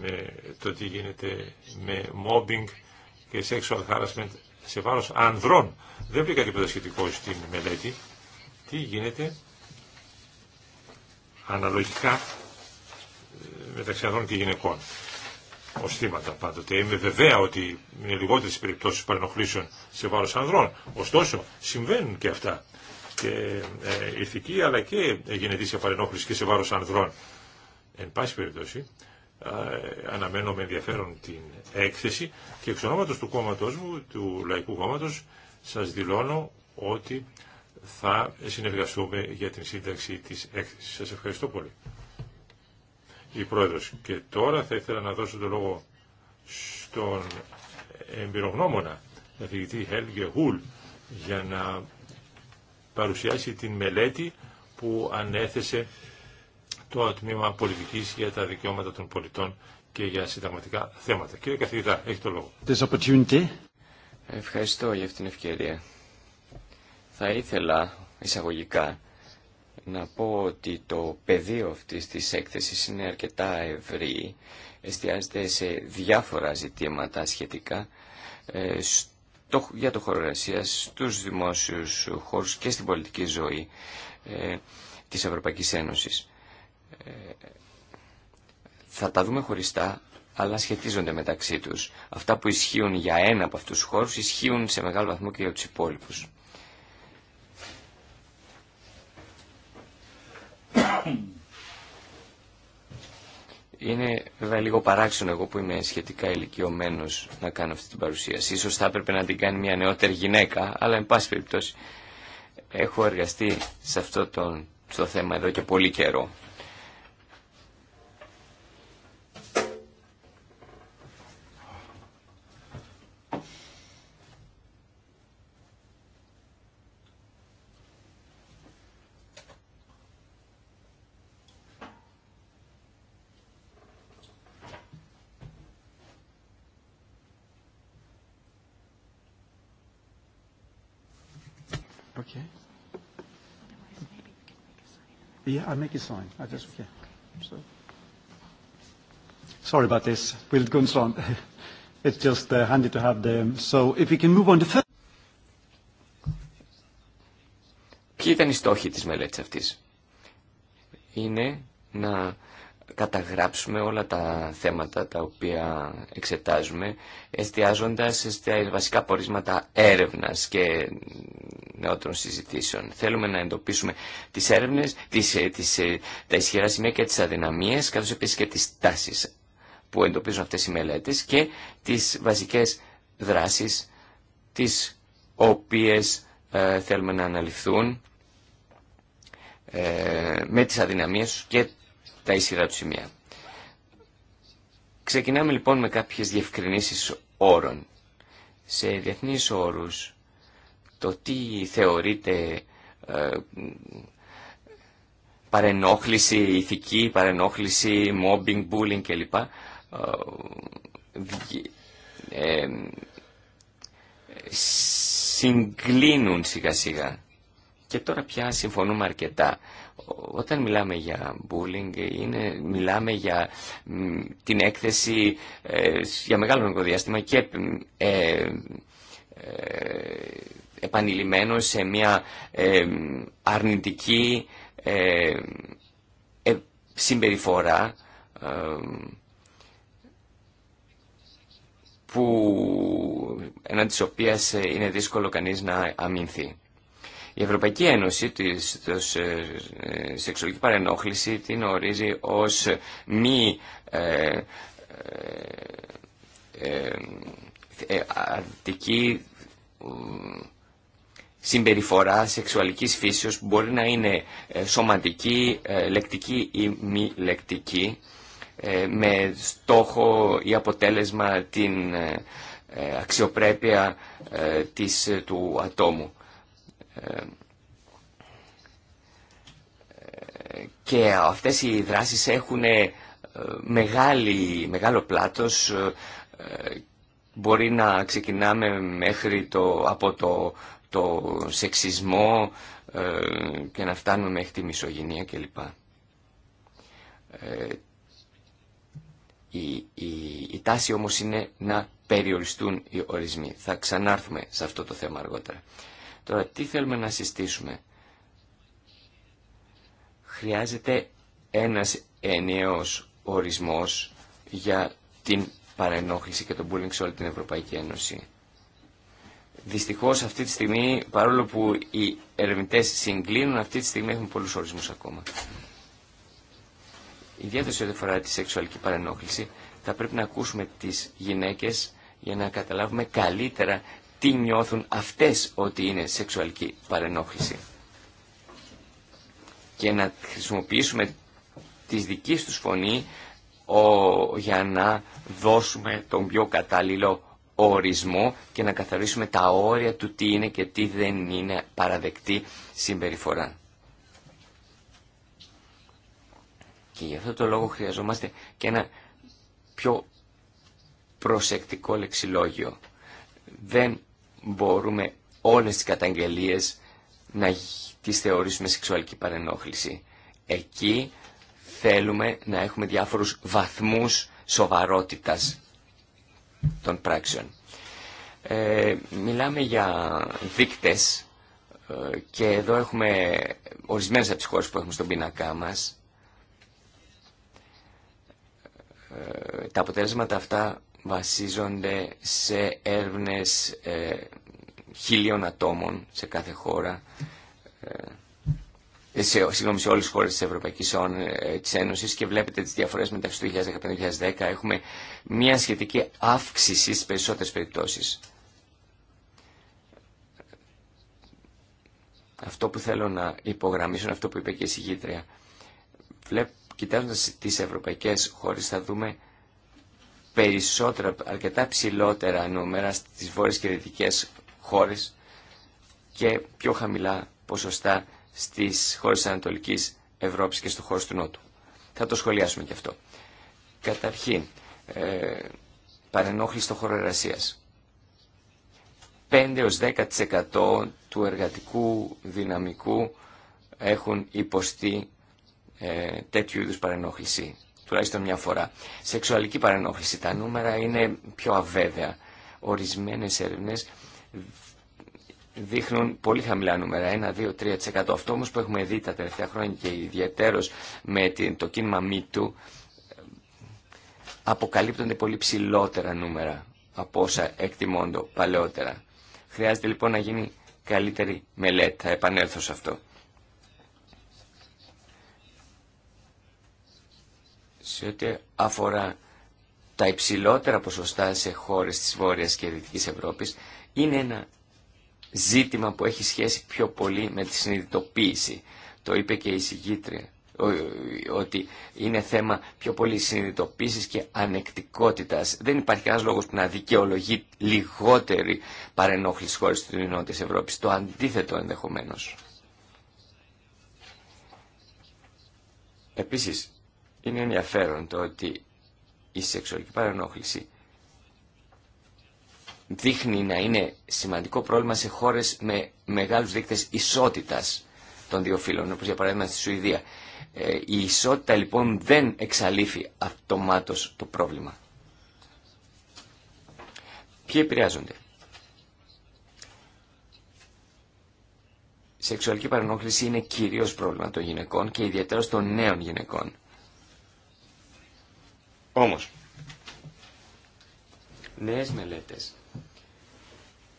με το τι γίνεται με mobbing και sexual harassment σε βάρος ανδρών. Δεν βρήκα τίποτα σχετικό στην μελέτη. Τι γίνεται αναλογικά ε, μεταξύ ανδρών και γυναικών οστήματα θύματα πάντοτε. Είμαι βεβαία ότι είναι λιγότερε περιπτώσει παρενοχλήσεων σε βάρο ανδρών. Ωστόσο, συμβαίνουν και αυτά. Και ε, ηθική αλλά και γενετήσια παρενόχληση και σε βάρο ανδρών. Εν πάση περιπτώσει, ε, αναμένω με ενδιαφέρον την έκθεση και εξ ονόματος του κόμματός μου, του Λαϊκού Κόμματος, σας δηλώνω ότι θα συνεργαστούμε για την σύνταξη της έκθεσης. Σας ευχαριστώ πολύ. Η Πρόεδρος. Και τώρα θα ήθελα να δώσω το λόγο στον εμπειρογνώμονα, καθηγητή Χέλγε Χουλ, για να παρουσιάσει την μελέτη που ανέθεσε το τμήμα πολιτικής για τα δικαιώματα των πολιτών και για συνταγματικά θέματα. Κύριε Καθηγητά, έχει το λόγο. Ευχαριστώ για αυτήν την ευκαιρία. Θα ήθελα εισαγωγικά να πω ότι το πεδίο αυτής της έκθεσης είναι αρκετά ευρύ. Εστιάζεται σε διάφορα ζητήματα σχετικά ε, για το χώρο εργασία, στους δημόσιους χώρους και στην πολιτική ζωή ε, της Ευρωπαϊκής Ένωσης θα τα δούμε χωριστά, αλλά σχετίζονται μεταξύ τους. Αυτά που ισχύουν για ένα από αυτούς τους χώρους ισχύουν σε μεγάλο βαθμό και για τους υπόλοιπους. Είναι βέβαια λίγο παράξενο εγώ που είμαι σχετικά ηλικιωμένο να κάνω αυτή την παρουσίαση. Ίσως θα έπρεπε να την κάνει μια νεότερη γυναίκα, αλλά εν πάση περιπτώσει έχω εργαστεί σε αυτό το, θέμα εδώ και πολύ καιρό. Okay. Yeah, I make a sign. I just okay. So. Sorry about this. We'll go on. It's just uh, handy to have them. So if we can move on to third. Ποιοι ήταν οι στόχοι της μελέτης αυτής. Είναι να καταγράψουμε όλα τα θέματα τα οποία εξετάζουμε εστιάζοντας στα βασικά πορίσματα έρευνας και νεότερων συζητήσεων. Θέλουμε να εντοπίσουμε τι έρευνε, ε, ε, τα ισχυρά σημεία και τι αδυναμίες, καθώ επίσης και τι τάσει που εντοπίζουν αυτές οι μελέτε και τι βασικέ δράσεις τι οποίες ε, θέλουμε να αναλυθούν με τις αδυναμίες και τα ισχυρά του σημεία. Ξεκινάμε λοιπόν με κάποιες διευκρινήσεις όρων. Σε διεθνείς όρους το τι θεωρείται ε, παρενόχληση, ηθική παρενόχληση, μόμπινγκ, bullying κλπ. Ε, ε, συγκλίνουν σιγά σιγά. Και τώρα πια συμφωνούμε αρκετά. Όταν μιλάμε για bullying, είναι, μιλάμε για την έκθεση για μεγάλο διάστημα και επανειλημμένο σε μια αρνητική συμπεριφορά που, εναντί της οποίας είναι δύσκολο κανείς να αμυνθεί. Η Ευρωπαϊκή Ένωση της, της σεξουαλική παρενόχληση την ορίζει ως μη αρνητική συμπεριφορά σεξουαλικής φύσεως που μπορεί να είναι ε, σωματική, ε, λεκτική ή μη λεκτική ε, με στόχο ή αποτέλεσμα την αξιοπρέπεια της, του ατόμου. Και αυτές οι δράσεις έχουν μεγάλο πλάτος μπορεί να ξεκινάμε μέχρι το, από το το σεξισμό ε, και να φτάνουμε μέχρι τη μισογενία κλπ. Ε, η, η τάση όμως είναι να περιοριστούν οι ορισμοί. Θα ξανάρθουμε σε αυτό το θέμα αργότερα. Τώρα, τι θέλουμε να συστήσουμε. Χρειάζεται ένας ενιαίος ορισμός για την παρενόχληση και τον bullying σε όλη την Ευρωπαϊκή Ένωση. Δυστυχώς αυτή τη στιγμή, παρόλο που οι ερευνητές συγκλίνουν, αυτή τη στιγμή έχουν πολλούς ορισμούς ακόμα. Ιδιαίτερα σε ό,τι αφορά τη σεξουαλική παρενόχληση, θα πρέπει να ακούσουμε τις γυναίκες για να καταλάβουμε καλύτερα τι νιώθουν αυτές ότι είναι σεξουαλική παρενόχληση. Και να χρησιμοποιήσουμε τις δική τους φωνή ο, για να δώσουμε τον πιο κατάλληλο ορισμό και να καθαρίσουμε τα όρια του τι είναι και τι δεν είναι παραδεκτή συμπεριφορά. Και γι' αυτό το λόγο χρειαζόμαστε και ένα πιο προσεκτικό λεξιλόγιο. Δεν μπορούμε όλες τις καταγγελίες να τις θεωρήσουμε σεξουαλική παρενόχληση. Εκεί θέλουμε να έχουμε διάφορους βαθμούς σοβαρότητας των πράξεων. Ε, μιλάμε για δείκτες ε, και εδώ έχουμε ορισμένες από τις χώρες που έχουμε στον πίνακά μας. Ε, τα αποτέλεσματα αυτά βασίζονται σε έρευνες ε, χίλιων ατόμων σε κάθε χώρα ε, σε, συγγνώμη, σε όλες τις χώρες της Ευρωπαϊκής ε, Ένωσης και βλέπετε τις διαφορές μεταξύ του 2015-2010 έχουμε μια σχετική αύξηση στις περισσότερες περιπτώσεις. Αυτό που θέλω να υπογραμμίσω είναι αυτό που είπε και η συγγήτρια. Κοιτάζοντα κοιτάζοντας τις ευρωπαϊκές χώρες θα δούμε περισσότερα, αρκετά ψηλότερα νούμερα στις βόρειες και δυτικές χώρες και πιο χαμηλά ποσοστά Στι χώρε τη Ανατολική Ευρώπης και στου χώρου του Νότου. Θα το σχολιάσουμε και αυτό. Καταρχήν, ε, παρενόχληση στο χώρο εργασία. 5-10% του εργατικού δυναμικού έχουν υποστεί ε, τέτοιου είδους παρενόχληση, τουλάχιστον μια φορά. Σεξουαλική παρενόχληση, τα νούμερα είναι πιο αβέβαια. Ορισμένες έρευνες δείχνουν πολύ χαμηλά νούμερα, 1, 2, 3%. Αυτό όμως που έχουμε δει τα τελευταία χρόνια και ιδιαίτερος με το κίνημα MeToo, αποκαλύπτονται πολύ ψηλότερα νούμερα από όσα εκτιμώνται παλαιότερα. Χρειάζεται λοιπόν να γίνει καλύτερη μελέτη. Θα επανέλθω σε αυτό. Σε ό,τι αφορά τα υψηλότερα ποσοστά σε χώρες της Βόρειας και Δυτικής Ευρώπης, είναι ένα ζήτημα που έχει σχέση πιο πολύ με τη συνειδητοποίηση. Το είπε και η συγγήτρια ότι είναι θέμα πιο πολύ συνειδητοποίησης και ανεκτικότητας. Δεν υπάρχει κανένας λόγος που να δικαιολογεί λιγότερη παρενόχληση χώρες του Νότιας Ευρώπης. Το αντίθετο ενδεχομένως. Επίσης, είναι ενδιαφέρον το ότι η σεξουαλική παρενόχληση δείχνει να είναι σημαντικό πρόβλημα σε χώρες με μεγάλους δείκτες ισότητας των δύο φύλων, όπως για παράδειγμα στη Σουηδία. Ε, η ισότητα λοιπόν δεν εξαλείφει αυτομάτως το πρόβλημα. Ποιοι επηρεάζονται. Η σεξουαλική παρενόχληση είναι κυρίως πρόβλημα των γυναικών και ιδιαίτερα των νέων γυναικών. Όμως, νέες μελέτες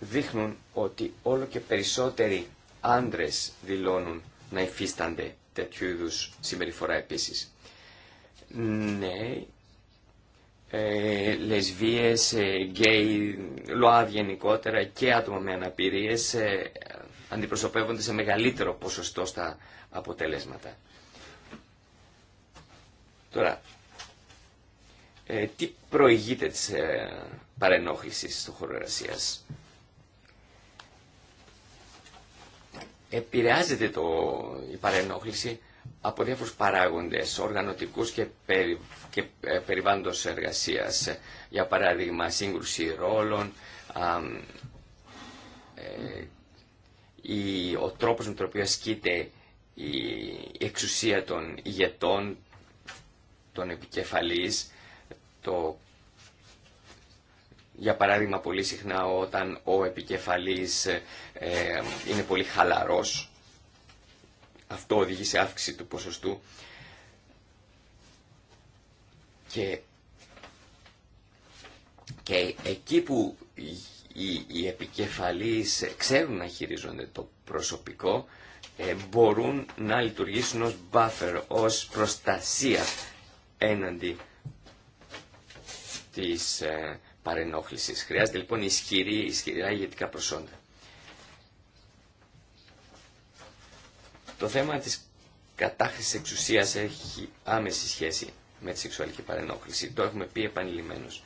δείχνουν ότι όλο και περισσότεροι άντρες δηλώνουν να υφίστανται τέτοιου είδου συμπεριφορά επίσης. Ναι, ε, λεσβίες, ε, γκέι, ΛΟΑΔ γενικότερα και άτομα με αναπηρίες ε, αντιπροσωπεύονται σε μεγαλύτερο ποσοστό στα αποτελέσματα. Τώρα, ε, τι προηγείται της ε, παρενόχλησης στον χώρο εργασίας. επηρεάζεται το, η παρενόχληση από διάφορους παράγοντες, οργανωτικούς και, περι, και ε, εργασίας. Για παράδειγμα, σύγκρουση ρόλων, ε, η, ο τρόπος με τον οποίο ασκείται η, εξουσία των ηγετών, των επικεφαλής, το για παράδειγμα, πολύ συχνά όταν ο επικεφαλής ε, είναι πολύ χαλαρός, αυτό οδηγεί σε αύξηση του ποσοστού και, και εκεί που οι, οι ξέρουν να χειρίζονται το προσωπικό, ε, μπορούν να λειτουργήσουν ως buffer, ως προστασία έναντι της, ε, παρενόχλησης. Χρειάζεται λοιπόν ισχυρή, ισχυρά ηγετικά προσόντα. Το θέμα της κατάχρησης εξουσίας έχει άμεση σχέση με τη σεξουαλική παρενόχληση. Το έχουμε πει επανειλημμένως.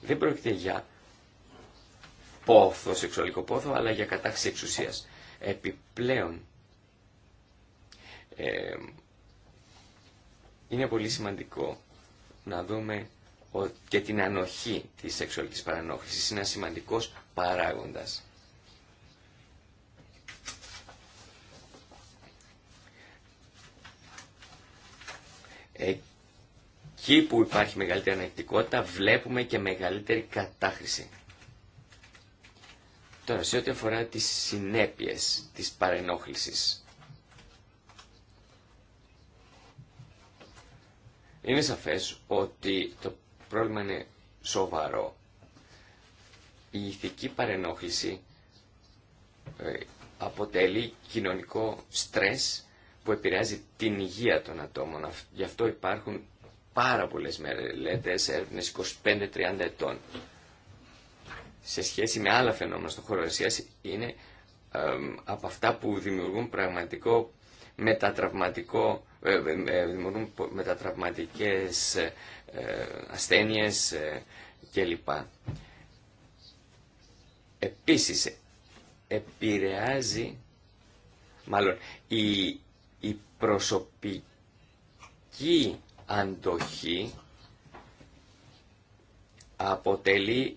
Δεν πρόκειται για πόθο, σεξουαλικό πόθο, αλλά για κατάχρηση εξουσίας. Επιπλέον, ε, είναι πολύ σημαντικό να δούμε και την ανοχή της σεξουαλικής παρανόχλησης. Είναι ένα σημαντικός παράγοντας. Εκεί που υπάρχει μεγαλύτερη ανεκτικότητα βλέπουμε και μεγαλύτερη κατάχρηση. Τώρα, σε ό,τι αφορά τις συνέπειες της παρενόχλησης, Είναι σαφές ότι το πρόβλημα είναι σοβαρό. Η ηθική παρενόχληση ε, αποτελεί κοινωνικό στρες που επηρεάζει την υγεία των ατόμων. Γι' αυτό υπάρχουν πάρα πολλές μελέτες, έρευνες 25-30 ετών. Σε σχέση με άλλα φαινόμενα στον χώρο είναι από αυτά που δημιουργούν πραγματικό μετατραυματικό ε, ε, ε, δημιουργούν μετατραυματικές ασθένειες κλπ. Επίσης, επηρεάζει, μάλλον, η, η προσωπική αντοχή αποτελεί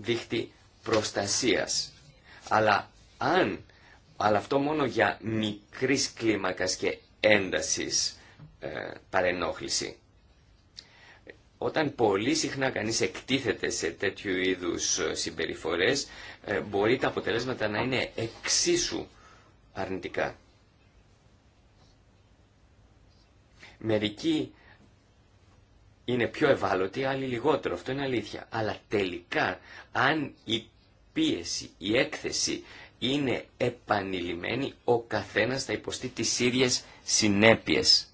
δίχτυ προστασίας. Αλλά αν αλλά αυτό μόνο για μικρής κλίμακας και έντασης ε, παρενόχληση. Όταν πολύ συχνά κανείς εκτίθεται σε τέτοιου είδους ε, συμπεριφορές, ε, μπορεί τα αποτελέσματα να είναι εξίσου αρνητικά. Μερικοί είναι πιο ευάλωτοι, άλλοι λιγότερο. Αυτό είναι αλήθεια. Αλλά τελικά, αν η πίεση, η έκθεση είναι επανειλημμένοι, ο καθένας θα υποστεί τις ίδιες συνέπειες.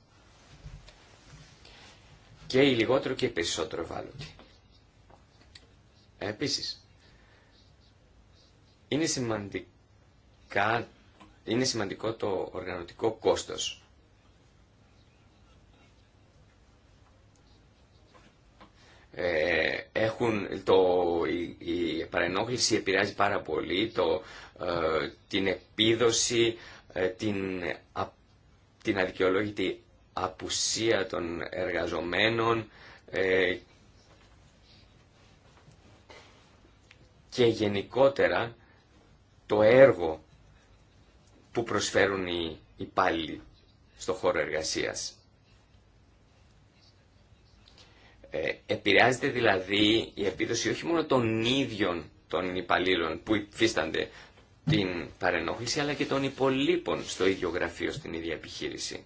Και οι λιγότερο και οι περισσότερο ευάλωτοι. Επίσης, είναι, σημαντικά, είναι σημαντικό το οργανωτικό κόστος. Ε, έχουν το, η, η παρενόχληση επηρεάζει πάρα πολύ το, ε, την επίδοση, ε, την, α, την αδικαιολόγητη απουσία των εργαζομένων και γενικότερα το έργο που προσφέρουν οι υπάλληλοι στο χώρο εργασίας. Ε, επηρεάζεται δηλαδή η επίδοση όχι μόνο των ίδιων των υπαλλήλων που υφίστανται την παρενόχληση, αλλά και των υπολείπων στο ίδιο γραφείο, στην ίδια επιχείρηση.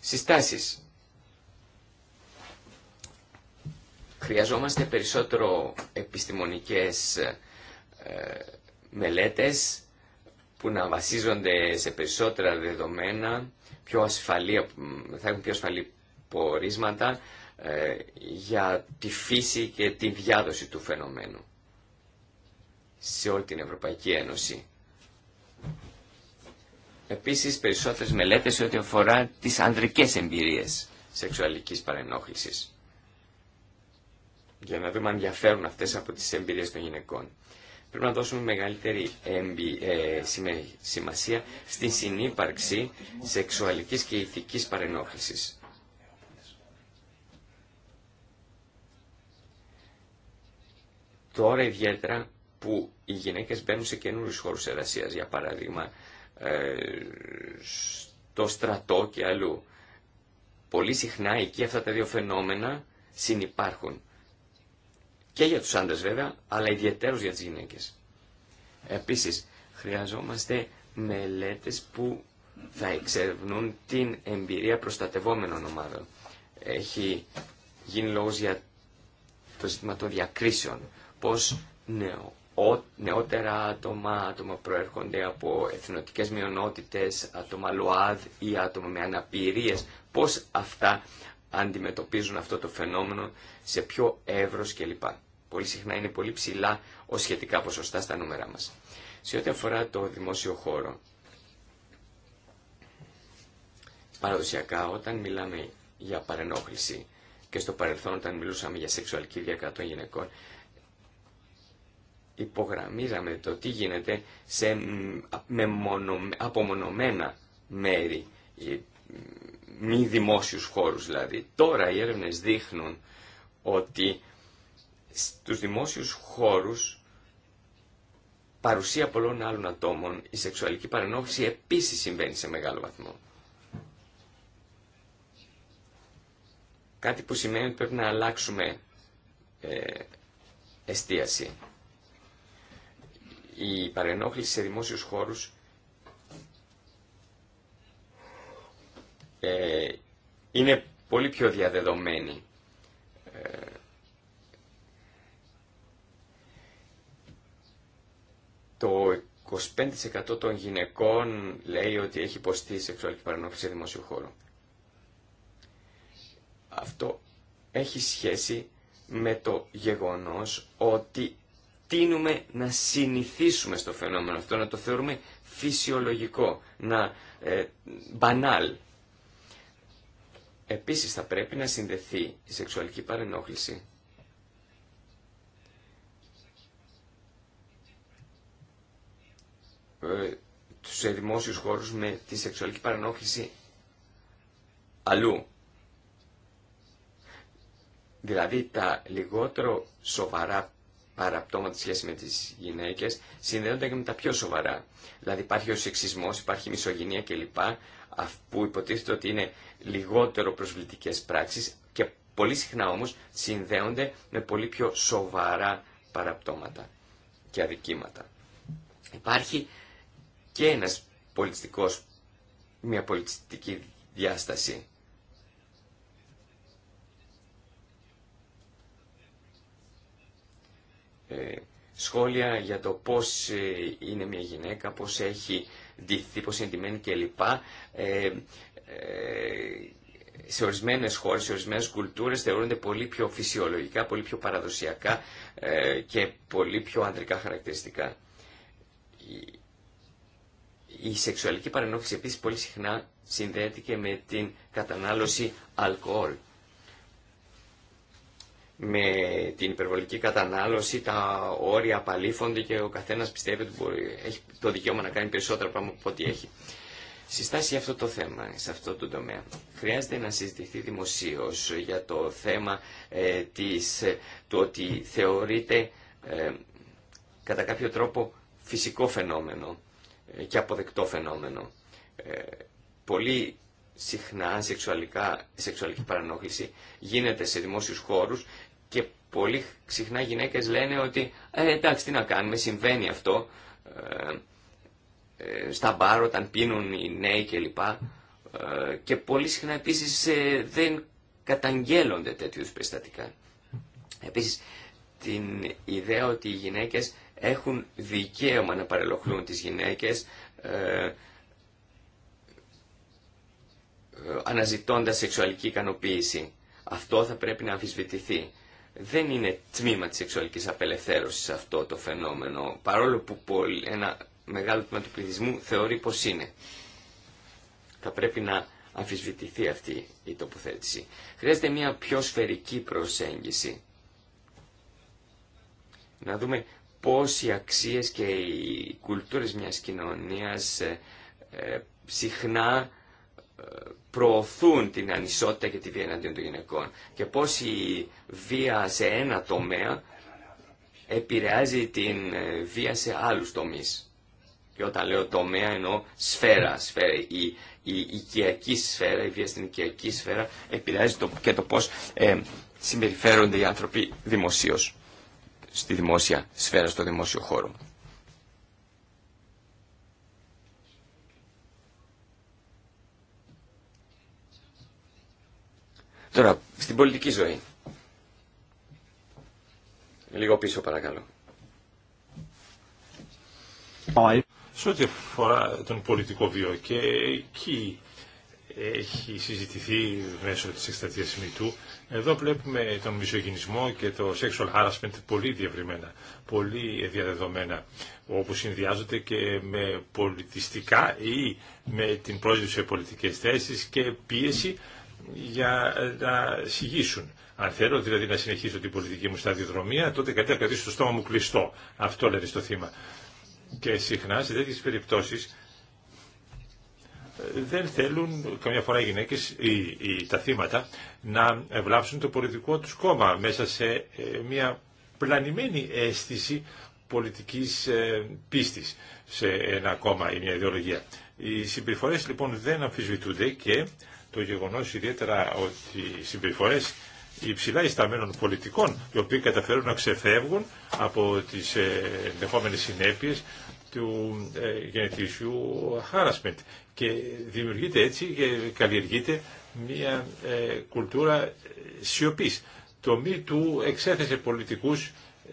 Συστάσεις. Χρειαζόμαστε περισσότερο επιστημονικές ε, μελέτες που να βασίζονται σε περισσότερα δεδομένα, πιο ασφαλή, θα έχουν πιο ασφαλή ε, για τη φύση και τη διάδοση του φαινομένου σε όλη την Ευρωπαϊκή Ένωση. Επίσης περισσότερες μελέτες ό,τι αφορά τις ανδρικές εμπειρίες σεξουαλικής παρενόχλησης. Για να δούμε αν διαφέρουν αυτές από τις εμπειρίες των γυναικών. Πρέπει να δώσουμε μεγαλύτερη ε, σημασία στην συνύπαρξη σεξουαλικής και ηθικής παρενόχλησης. Τώρα ιδιαίτερα που οι γυναίκες μπαίνουν σε καινούριου χώρους εργασίας, για παράδειγμα ε, στο στρατό και αλλού. Πολύ συχνά εκεί αυτά τα δύο φαινόμενα συνυπάρχουν. Και για τους άντρες βέβαια, αλλά ιδιαίτερως για τις γυναίκες. Επίσης, χρειαζόμαστε μελέτες που θα εξερευνούν την εμπειρία προστατευόμενων ομάδων. Έχει γίνει λόγος για το ζήτημα των διακρίσεων πως νεο, νεότερα άτομα, άτομα προέρχονται από εθνοτικές μειονότητες, άτομα ΛΟΑΔ ή άτομα με αναπηρίες, πώς αυτά αντιμετωπίζουν αυτό το φαινόμενο, σε ποιο εύρος κλπ. Πολύ συχνά είναι πολύ ψηλά ως σχετικά ποσοστά στα νούμερα μας. Σε ό,τι αφορά το δημόσιο χώρο, παραδοσιακά όταν μιλάμε για παρενόχληση και στο παρελθόν όταν μιλούσαμε για σεξουαλική των γυναικών, υπογραμμίζαμε το τι γίνεται σε απομονωμένα μέρη, μη δημόσιους χώρους δηλαδή. Τώρα οι έρευνες δείχνουν ότι στους δημόσιους χώρους παρουσία πολλών άλλων ατόμων, η σεξουαλική παρενόχληση επίσης συμβαίνει σε μεγάλο βαθμό. Κάτι που σημαίνει ότι πρέπει να αλλάξουμε ε, εστίαση η παρενόχληση σε δημόσιους χώρους ε, είναι πολύ πιο διαδεδομένη. Ε, το 25% των γυναικών λέει ότι έχει υποστεί σεξουαλική παρενόχληση σε δημόσιο χώρο. Αυτό έχει σχέση με το γεγονός ότι τίνουμε να συνηθίσουμε στο φαινόμενο αυτό, να το θεωρούμε φυσιολογικό, να ε, μπανάλ. Επίσης θα πρέπει να συνδεθεί η σεξουαλική παρενόχληση σε δημόσιους χώρους με τη σεξουαλική παρενόχληση αλλού. Δηλαδή τα λιγότερο σοβαρά παραπτώματα σχέση με τις γυναίκες συνδέονται και με τα πιο σοβαρά. Δηλαδή υπάρχει ο σεξισμός, υπάρχει η μισογενία κλπ. που υποτίθεται ότι είναι λιγότερο προσβλητικέ πράξει, και πολύ συχνά όμω συνδέονται με πολύ πιο σοβαρά παραπτώματα και αδικήματα. Υπάρχει και ένας πολιτιστικός, μια πολιτιστική διάσταση Ε, σχόλια για το πώς ε, είναι μια γυναίκα, πώς έχει ντυθεί, πώς είναι ντυμένη κλπ. Ε, σε ορισμένες χώρες, σε ορισμένες κουλτούρες θεωρούνται πολύ πιο φυσιολογικά, πολύ πιο παραδοσιακά και πολύ πιο ανδρικά χαρακτηριστικά. Η, η σεξουαλική παρενόχληση επίσης πολύ συχνά συνδέεται και με την κατανάλωση αλκοόλ με την υπερβολική κατανάλωση τα όρια απαλήφονται και ο καθένας πιστεύει ότι μπορεί, έχει το δικαίωμα να κάνει περισσότερα πράγματα από ό,τι έχει. Συστάσει αυτό το θέμα, σε αυτό το τομέα. Χρειάζεται να συζητηθεί δημοσίως για το θέμα ε, της, ε, του ότι θεωρείται ε, κατά κάποιο τρόπο φυσικό φαινόμενο και αποδεκτό φαινόμενο. πολύ συχνά σεξουαλικά, σεξουαλική παρανόχληση γίνεται σε δημόσιους χώρους και πολύ συχνά γυναίκες λένε ότι ε, εντάξει τι να κάνουμε, συμβαίνει αυτό ε, ε, στα μπαρ όταν πίνουν οι νέοι κλπ. Και, ε, και πολύ συχνά επίσης δεν καταγγέλλονται τέτοιου περιστατικά. Επίσης την ιδέα ότι οι γυναίκες έχουν δικαίωμα να παρελοχλούν τις γυναίκες αναζητώντας σεξουαλική ικανοποίηση. Αυτό θα πρέπει να αμφισβητηθεί δεν είναι τμήμα της σεξουαλικής απελευθέρωσης αυτό το φαινόμενο, παρόλο που ένα μεγάλο τμήμα του πληθυσμού θεωρεί πως είναι. Θα πρέπει να αμφισβητηθεί αυτή η τοποθέτηση. Χρειάζεται μια πιο σφαιρική προσέγγιση. Να δούμε πώς οι αξίες και οι κουλτούρες μιας κοινωνίας ε, ε, συχνά προωθούν την ανισότητα και τη βία εναντίον των γυναικών και πώς η βία σε ένα τομέα επηρεάζει την ε, βία σε άλλους τομείς. Και όταν λέω τομέα εννοώ σφαίρα, σφαίρα η, η οικιακή σφαίρα, η βία στην οικιακή σφαίρα επηρεάζει και το πώς ε, συμπεριφέρονται οι άνθρωποι δημοσίως, στη δημόσια σφαίρα, στο δημόσιο χώρο. Τώρα, στην πολιτική ζωή. Λίγο πίσω παρακαλώ. Σε ό,τι αφορά τον πολιτικό βίο και εκεί έχει συζητηθεί μέσω της εκστατείας του. Εδώ βλέπουμε τον μισογυνισμό και το sexual harassment πολύ διευρυμένα, πολύ διαδεδομένα, όπου συνδυάζονται και με πολιτιστικά ή με την πρόσληψη σε πολιτικές θέσεις και πίεση για να συγγύσουν. Αν θέλω δηλαδή να συνεχίσω την πολιτική μου σταδιοδρομία, τότε κατά κρατήσω το στόμα μου κλειστό. Αυτό λένε στο θύμα. Και συχνά σε τέτοιε περιπτώσει δεν θέλουν καμιά φορά οι γυναίκε ή τα θύματα να ευλάψουν το πολιτικό του κόμμα μέσα σε ε, μια πλανημένη αίσθηση πολιτικής ε, πίστης σε ένα κόμμα ή μια ιδεολογία. Οι συμπεριφορές λοιπόν δεν αμφισβητούνται και το γεγονός ιδιαίτερα ότι οι συμπεριφορές υψηλά ισταμένων πολιτικών, οι οποίοι καταφέρουν να ξεφεύγουν από τις ε, ενδεχόμενε συνέπειες του ε, γενετήσιου harassment. Και δημιουργείται έτσι και καλλιεργείται μια ε, κουλτούρα σιωπής. Το μη του εξέθεσε πολιτικούς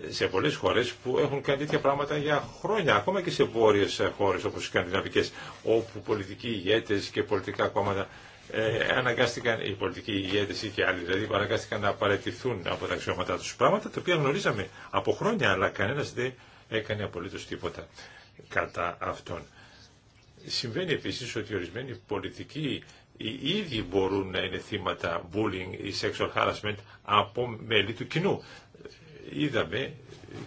σε πολλές χώρες που έχουν κάνει τέτοια πράγματα για χρόνια, ακόμα και σε βόρειες χώρες όπως οι σκανδιναβικές, όπου πολιτικοί ηγέτες και πολιτικά κόμματα ε, αναγκάστηκαν οι πολιτικοί ηγέτες ή και άλλοι, δηλαδή αναγκάστηκαν να απαρατηθούν από τα αξιώματά τους πράγματα, τα οποία γνωρίζαμε από χρόνια, αλλά κανένας δεν έκανε απολύτως τίποτα κατά αυτόν. Συμβαίνει επίσης ότι ορισμένοι πολιτικοί οι ίδιοι μπορούν να είναι θύματα bullying ή sexual harassment από μέλη του κοινού. Είδαμε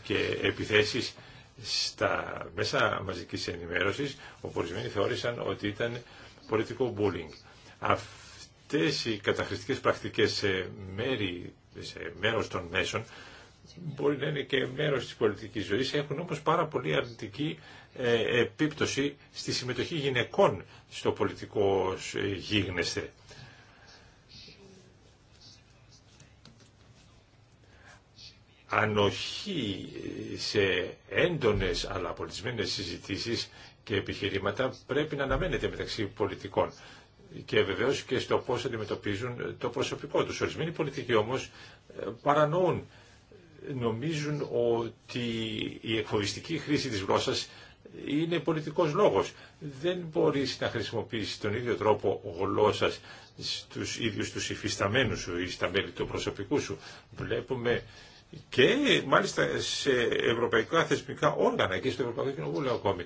και επιθέσεις στα μέσα μαζικής ενημέρωσης, όπου ορισμένοι θεώρησαν ότι ήταν πολιτικό bullying. Αυτές οι καταχρηστικές πρακτικές σε, μέρη, μέρος των μέσων μπορεί να είναι και μέρος της πολιτικής ζωής, έχουν όμως πάρα πολύ αρνητική ε, επίπτωση στη συμμετοχή γυναικών στο πολιτικό ε, γίγνεσθε. Ανοχή σε έντονες αλλά πολιτισμένες συζητήσεις και επιχειρήματα πρέπει να αναμένεται μεταξύ πολιτικών και βεβαίως και στο πώς αντιμετωπίζουν το προσωπικό τους. Ορισμένοι πολιτικοί όμως ε, παρανοούν, νομίζουν ότι η εκφοβιστική χρήση της γλώσσας είναι πολιτικός λόγος. Δεν μπορείς να χρησιμοποιήσεις τον ίδιο τρόπο γλώσσα στους ίδιους τους υφισταμένους σου ή στα μέλη του προσωπικού σου. Βλέπουμε και μάλιστα σε ευρωπαϊκά θεσμικά όργανα και στο Ευρωπαϊκό Κοινοβούλιο ακόμη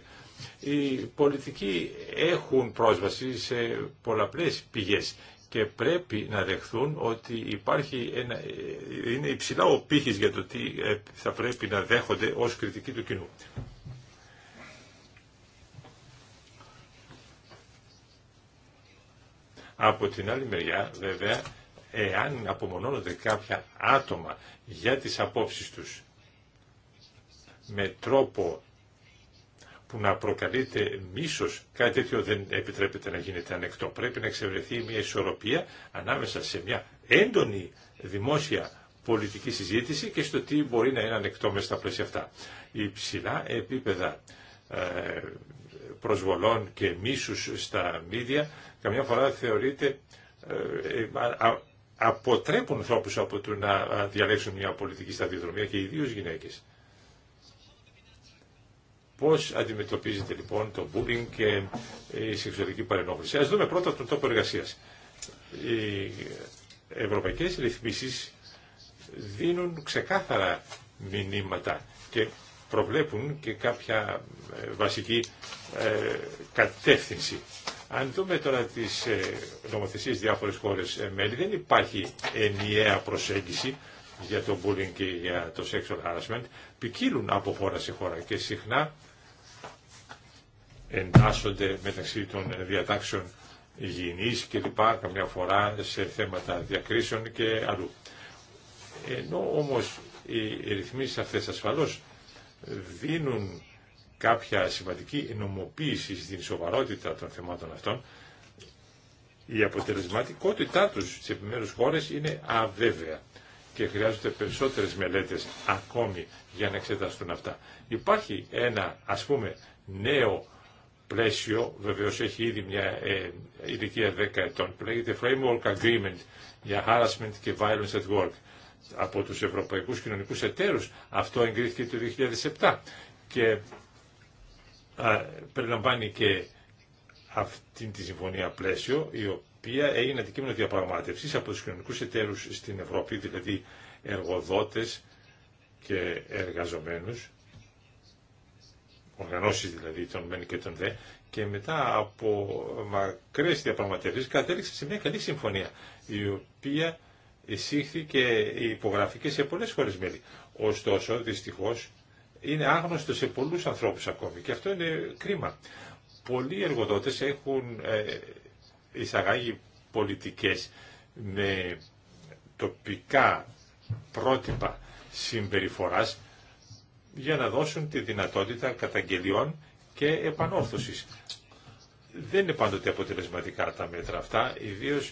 οι πολιτικοί έχουν πρόσβαση σε πολλαπλές πηγές και πρέπει να δεχθούν ότι υπάρχει ένα, είναι υψηλά ο πύχης για το τι ε, θα πρέπει να δέχονται ως κριτική του κοινού. Από την άλλη μεριά, βέβαια, εάν απομονώνονται κάποια άτομα για τις απόψεις τους με τρόπο που να προκαλείται μίσος, κάτι τέτοιο δεν επιτρέπεται να γίνεται ανεκτό. Πρέπει να εξευρεθεί μια ισορροπία ανάμεσα σε μια έντονη δημόσια πολιτική συζήτηση και στο τι μπορεί να είναι ανεκτό μέσα στα πλαίσια αυτά. Οι ψηλά επίπεδα ε, προσβολών και μίσους στα μίδια καμιά φορά θεωρείται ε, ε, αποτρέπουν ανθρώπου από το να διαλέξουν μια πολιτική σταδιοδρομία και ιδίω γυναίκες. Πώς αντιμετωπίζετε λοιπόν το bullying και η σεξουαλική παρενόχληση. Ας δούμε πρώτα τον τόπο εργασίας. Οι ευρωπαϊκές ρυθμίσεις δίνουν ξεκάθαρα μηνύματα και προβλέπουν και κάποια ε, βασική ε, κατεύθυνση. Αν δούμε τώρα τις ε, νομοθεσίες διάφορες χώρες μέλη, δεν υπάρχει ενιαία προσέγγιση για το bullying και για το sexual harassment. Ποικίλουν από χώρα σε χώρα και συχνά εντάσσονται μεταξύ των διατάξεων υγιεινής και λοιπά, καμιά φορά σε θέματα διακρίσεων και αλλού. Ενώ όμως οι ρυθμίσεις αυτές ασφαλώς δίνουν κάποια σημαντική νομοποίηση στην σοβαρότητα των θεμάτων αυτών, η αποτελεσματικότητά τους στις επιμέρους χώρες είναι αβέβαια και χρειάζονται περισσότερες μελέτες ακόμη για να εξεταστούν αυτά. Υπάρχει ένα ας πούμε νέο πλαίσιο, βεβαίω έχει ήδη μια ε, ηλικία 10 ετών, που λέγεται Framework Agreement για Harassment και Violence at Work από τους Ευρωπαϊκούς Κοινωνικούς Εταίρους. Αυτό εγκρίθηκε το 2007 και περιλαμβάνει και αυτή τη συμφωνία πλαίσιο, η οποία έγινε αντικείμενο διαπραγμάτευσης από τους κοινωνικούς εταίρους στην Ευρώπη, δηλαδή εργοδότες και εργαζομένους, οργανώσεις δηλαδή των ΜΕΝ και των ΔΕ και μετά από μακρές διαπραγματεύσει κατέληξε σε μια καλή συμφωνία η οποία εισήχθη και υπογράφηκε σε πολλέ χώρες μέλη. Ωστόσο, δυστυχώ είναι άγνωστο σε πολλού ανθρώπου ακόμη και αυτό είναι κρίμα. Πολλοί εργοδότες έχουν ε, εισαγάγει πολιτικές με τοπικά πρότυπα συμπεριφοράς για να δώσουν τη δυνατότητα καταγγελιών και επανόρθωσης. Δεν είναι πάντοτε αποτελεσματικά τα μέτρα αυτά, ιδίω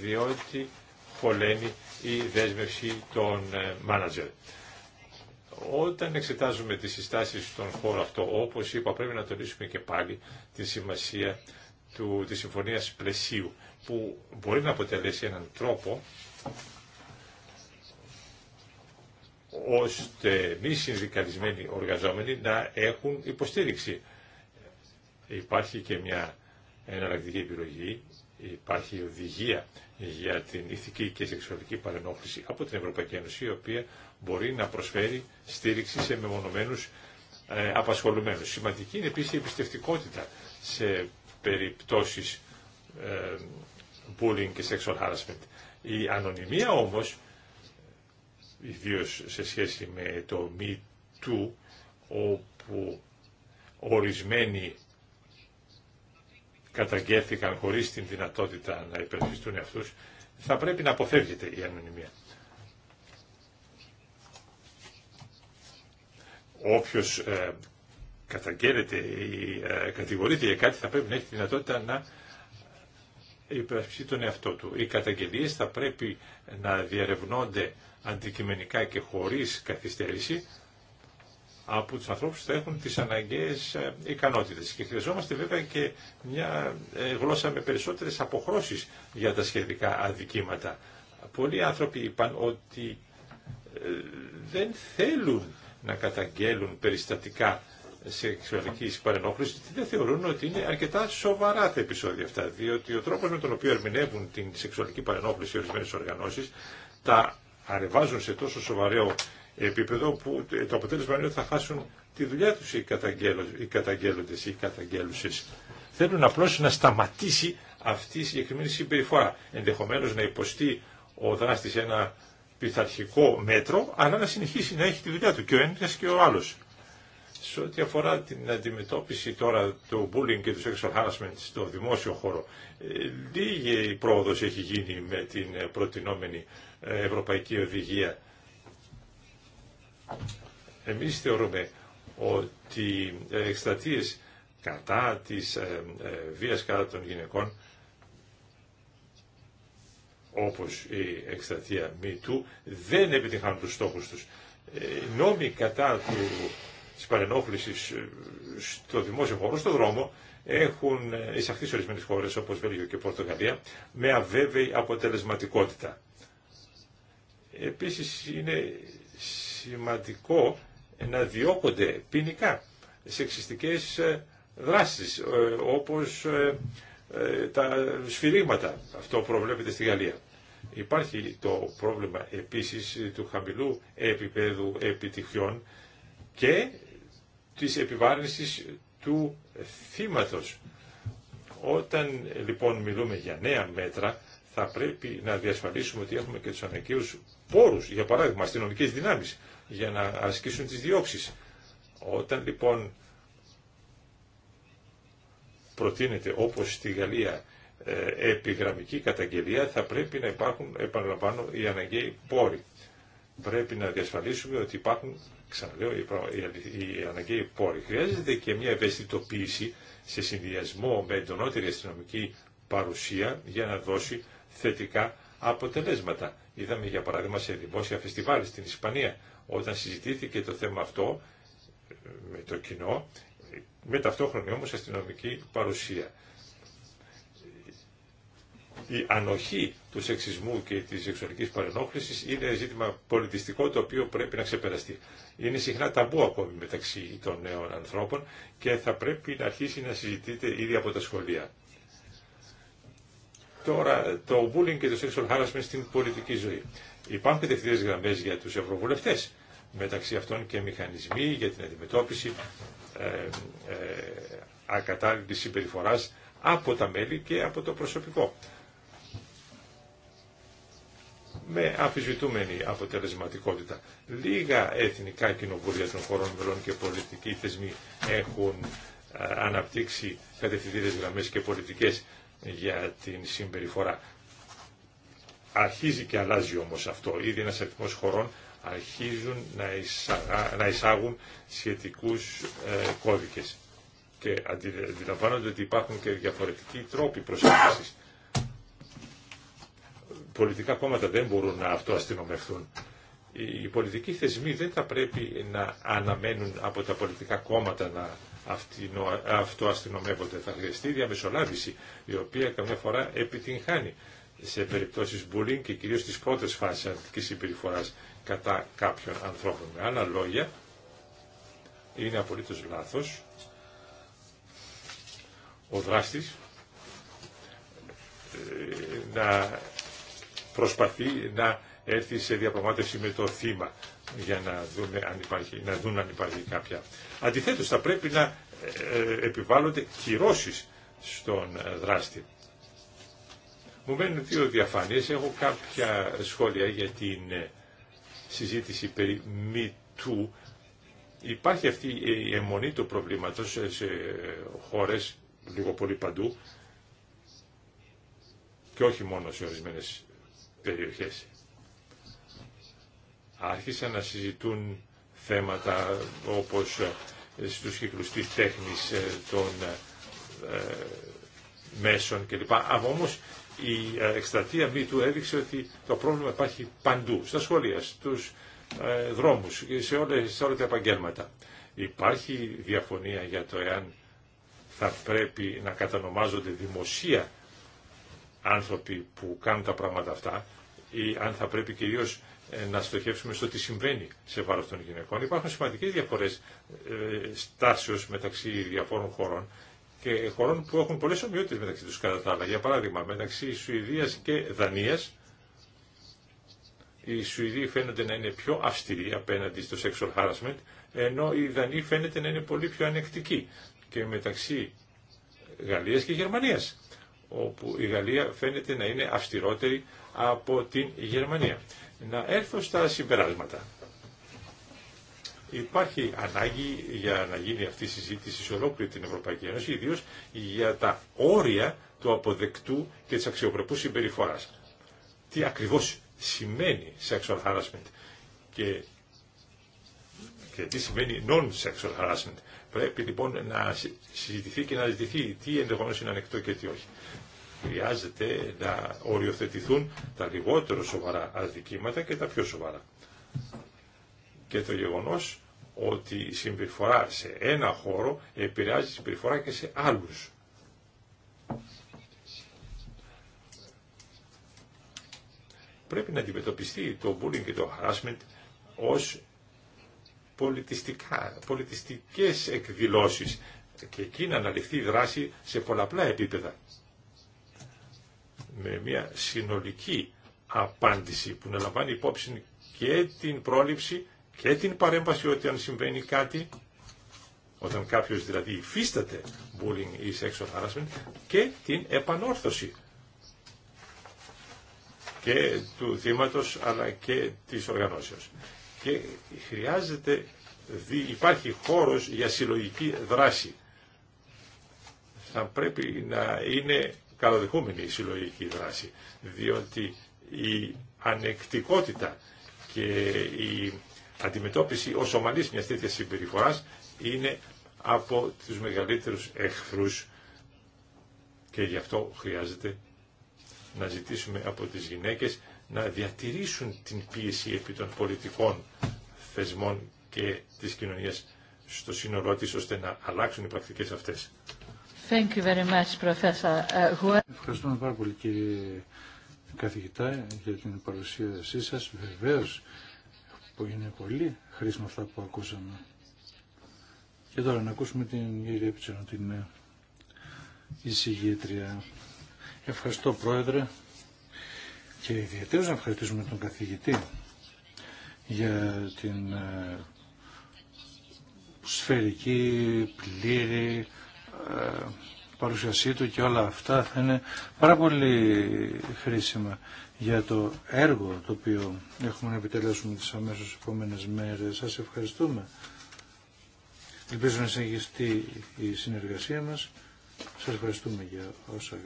διότι χωλαίνει η δέσμευση των ε, μάνατζερ. Όταν εξετάζουμε τις συστάσεις στον χώρο αυτό, όπως είπα, πρέπει να τονίσουμε και πάλι τη σημασία του, της συμφωνίας πλαισίου, που μπορεί να αποτελέσει έναν τρόπο ώστε μη συνδικαλισμένοι οργαζόμενοι να έχουν υποστήριξη. Υπάρχει και μια εναλλακτική επιλογή, υπάρχει οδηγία για την ηθική και σεξουαλική παρενόχληση από την Ευρωπαϊκή Ένωση, η οποία μπορεί να προσφέρει στήριξη σε μεμονωμένους ε, απασχολουμένους. Σημαντική είναι επίσης η εμπιστευτικότητα σε περιπτώσεις ε, bullying και sexual harassment. Η ανωνυμία όμως Ιδίω σε σχέση με το Me όπου ορισμένοι καταγγέλθηκαν χωρίς την δυνατότητα να υπερασπιστούν αυτούς, θα πρέπει να αποφεύγεται η ανωνυμία. Όποιος ε, καταγγέλλεται ή ε, κατηγορείται για κάτι θα πρέπει να έχει τη δυνατότητα να υπερασπιστεί τον εαυτό του. Οι καταγγελίες θα πρέπει να διαρευνώνται αντικειμενικά και χωρίς καθυστέρηση από τους ανθρώπους που θα έχουν τις αναγκαίες ε, ικανότητες. Και χρειαζόμαστε βέβαια και μια ε, γλώσσα με περισσότερες αποχρώσεις για τα σχετικά αδικήματα. Πολλοί άνθρωποι είπαν ότι ε, δεν θέλουν να καταγγέλουν περιστατικά σεξουαλική παρενόχληση δεν θεωρούν ότι είναι αρκετά σοβαρά τα επεισόδια αυτά, διότι ο τρόπο με τον οποίο ερμηνεύουν την σεξουαλική παρενόχληση ορισμένε οργανώσει, τα αρεβάζουν σε τόσο σοβαρό επίπεδο που το αποτέλεσμα είναι ότι θα χάσουν τη δουλειά του οι, οι η συγκεκριμένη συμπεριφορά. απλώ να υποστεί ο δράστης ένα πειθαρχικό Ενδεχομένω να υποστει ο δραστη ενα πειθαρχικο μετρο αλλα να έχει τη δουλειά του και ο ένα και ο άλλο σε ό,τι αφορά την αντιμετώπιση τώρα του bullying και του sexual harassment στο δημόσιο χώρο, ε, λίγη πρόοδος έχει γίνει με την προτινόμενη ε, Ευρωπαϊκή Οδηγία. Εμείς θεωρούμε ότι εκστατείες κατά της ε, βίας κατά των γυναικών, όπως η εκστρατεία MeToo, δεν επιτυγχάνουν τους στόχους τους. Νόμοι κατά του Τη παρενόχλησης ε, στο δημόσιο χώρο, στο δρόμο, έχουν εισαχθεί σε ορισμένε χώρες όπως Βέλγιο και Πορτογαλία με αβέβαιη αποτελεσματικότητα. Επίση είναι σημαντικό να διώκονται ποινικά σεξιστικέ ε, δράσει, ε, όπως τα σφυρίγματα. Αυτό προβλέπεται στη Γαλλία. Υπάρχει το πρόβλημα επίσης του χαμηλού επίπεδου επιτυχιών και της επιβάρυνσης του θύματος. Όταν λοιπόν μιλούμε για νέα μέτρα, θα πρέπει να διασφαλίσουμε ότι έχουμε και τους αναγκαίους πόρους, για παράδειγμα αστυνομικέ δυνάμεις, για να ασκήσουν τις διώξεις. Όταν λοιπόν προτείνεται όπως στη Γαλλία ε, επιγραμμική καταγγελία, θα πρέπει να υπάρχουν, επαναλαμβάνω, οι αναγκαίοι πόροι. Πρέπει να διασφαλίσουμε ότι υπάρχουν Ξαναλέω, η αναγκαίοι πόροι. Χρειάζεται και μια ευαισθητοποίηση σε συνδυασμό με εντονότερη αστυνομική παρουσία για να δώσει θετικά αποτελέσματα. Είδαμε για παράδειγμα σε δημόσια φεστιβάλ στην Ισπανία όταν συζητήθηκε το θέμα αυτό ε, με το κοινό ε, με ταυτόχρονη όμως αστυνομική παρουσία η ανοχή του σεξισμού και της σεξουαλικής παρενόχλησης είναι ζήτημα πολιτιστικό το οποίο πρέπει να ξεπεραστεί. Είναι συχνά ταμπού ακόμη μεταξύ των νέων ανθρώπων και θα πρέπει να αρχίσει να συζητείται ήδη από τα σχολεία. Τώρα το bullying και το sexual harassment στην πολιτική ζωή. Υπάρχουν κατευθυντέ γραμμές για τους ευρωβουλευτές μεταξύ αυτών και μηχανισμοί για την αντιμετώπιση ε, ε, ακατάλληλης συμπεριφοράς από τα μέλη και από το προσωπικό με αμφισβητούμενη αποτελεσματικότητα. Λίγα εθνικά κοινοβούλια των χωρών μελών και πολιτικοί θεσμοί έχουν ε, αναπτύξει κατευθυντήρες γραμμές και πολιτικές για την συμπεριφορά. Αρχίζει και αλλάζει όμως αυτό. Ήδη ένας αριθμός χωρών αρχίζουν να, εισάγουν σχετικούς κώδικε. κώδικες. Και αντιλαμβάνονται ότι υπάρχουν και διαφορετικοί τρόποι προσέγγισης πολιτικά κόμματα δεν μπορούν να αυτοαστυνομευθούν. Οι πολιτικοί θεσμοί δεν θα πρέπει να αναμένουν από τα πολιτικά κόμματα να αυτοαστυνομεύονται. Θα χρειαστεί διαμεσολάβηση, η οποία καμιά φορά επιτυγχάνει σε περιπτώσεις bullying και κυρίως στις πρώτες φάσεις αρνητικής συμπεριφοράς κατά κάποιων ανθρώπων. Με άλλα λόγια, είναι απολύτως λάθος ο δράστης ε, να προσπαθεί να έρθει σε διαπραγμάτευση με το θύμα για να, δουν αν υπάρχει, να δουν αν υπάρχει κάποια. Αντιθέτως θα πρέπει να ε, ε, επιβάλλονται κυρώσεις στον ε, δράστη. Μου μένουν δύο διαφάνειες. Έχω κάποια σχόλια για την συζήτηση περί μη του. Υπάρχει αυτή η αιμονή του προβλήματος σε χώρες λίγο πολύ παντού και όχι μόνο σε ορισμένες περιοχές. Άρχισαν να συζητούν θέματα όπως ε, στους κύκλους της τέχνης ε, των ε, μέσων κλπ. Αλλά όμως η εκστρατεία μη του έδειξε ότι το πρόβλημα υπάρχει παντού, στα σχολεία, στους δρόμους, σε, όλες, σε όλα τα επαγγέλματα. Υπάρχει διαφωνία για το εάν θα πρέπει να κατανομάζονται δημοσία άνθρωποι που κάνουν τα πράγματα αυτά ή αν θα πρέπει κυρίω ε, να στοχεύσουμε στο τι συμβαίνει σε βάρο των γυναικών. Υπάρχουν σημαντικέ διαφορέ ε, στάσεω μεταξύ διαφόρων χωρών και χωρών που έχουν πολλέ ομοιότητε μεταξύ του κατά τα άλλα. Για παράδειγμα, μεταξύ Σουηδία και Δανία, οι Σουηδοί φαίνονται να είναι πιο αυστηροί απέναντι στο sexual harassment, ενώ οι Δανείοι φαίνεται να είναι πολύ πιο ανεκτικοί. Και μεταξύ Γαλλίας και Γερμανίας, όπου η Γαλλία φαίνεται να είναι αυστηρότερη από την Γερμανία. Να έρθω στα συμπεράσματα. Υπάρχει ανάγκη για να γίνει αυτή η συζήτηση σε ολόκληρη την Ευρωπαϊκή Ένωση, ιδίω για τα όρια του αποδεκτού και τη αξιοπρεπού συμπεριφορά. Τι ακριβώ σημαίνει sexual harassment και, και τι σημαίνει non-sexual harassment. Πρέπει λοιπόν να συζητηθεί και να ζητηθεί τι ενδεχομένω είναι ανεκτό και τι όχι χρειάζεται να οριοθετηθούν τα λιγότερο σοβαρά αδικήματα και τα πιο σοβαρά. Και το γεγονός ότι η συμπεριφορά σε ένα χώρο επηρεάζει τη συμπεριφορά και σε άλλους. Πρέπει να αντιμετωπιστεί το bullying και το harassment ως πολιτιστικά, πολιτιστικές εκδηλώσεις και εκεί να αναλυφθεί η δράση σε πολλαπλά επίπεδα με μια συνολική απάντηση που να λαμβάνει υπόψη και την πρόληψη και την παρέμβαση ότι αν συμβαίνει κάτι, όταν κάποιος δηλαδή υφίσταται bullying ή sexual harassment και την επανόρθωση και του θύματος αλλά και της οργανώσεως. Και χρειάζεται, υπάρχει χώρος για συλλογική δράση. Θα πρέπει να είναι καλοδεχούμενη η συλλογική δράση, διότι η ανεκτικότητα και η αντιμετώπιση ως ομαλής μιας τέτοιας συμπεριφοράς είναι από τους μεγαλύτερους εχθρούς και γι' αυτό χρειάζεται να ζητήσουμε από τις γυναίκες να διατηρήσουν την πίεση επί των πολιτικών θεσμών και της κοινωνίας στο σύνολό της ώστε να αλλάξουν οι πρακτικές αυτές. Thank uh, Ευχαριστούμε πάρα πολύ κύριε καθηγητά για την παρουσίασή σας. Βεβαίως που είναι πολύ χρήσιμο αυτά που ακούσαμε. Και τώρα να ακούσουμε την κυρία Πιτσένο, την ε, εισηγήτρια. Ευχαριστώ Πρόεδρε και ιδιαίτερως να ευχαριστήσουμε τον καθηγητή για την ε, σφαιρική, πλήρη, ε, παρουσιασή του και όλα αυτά θα είναι πάρα πολύ χρήσιμα για το έργο το οποίο έχουμε να επιτελέσουμε τις αμέσως επόμενες μέρες. Σας ευχαριστούμε. Ελπίζω να συνεχιστεί η συνεργασία μας. Σας ευχαριστούμε για όσα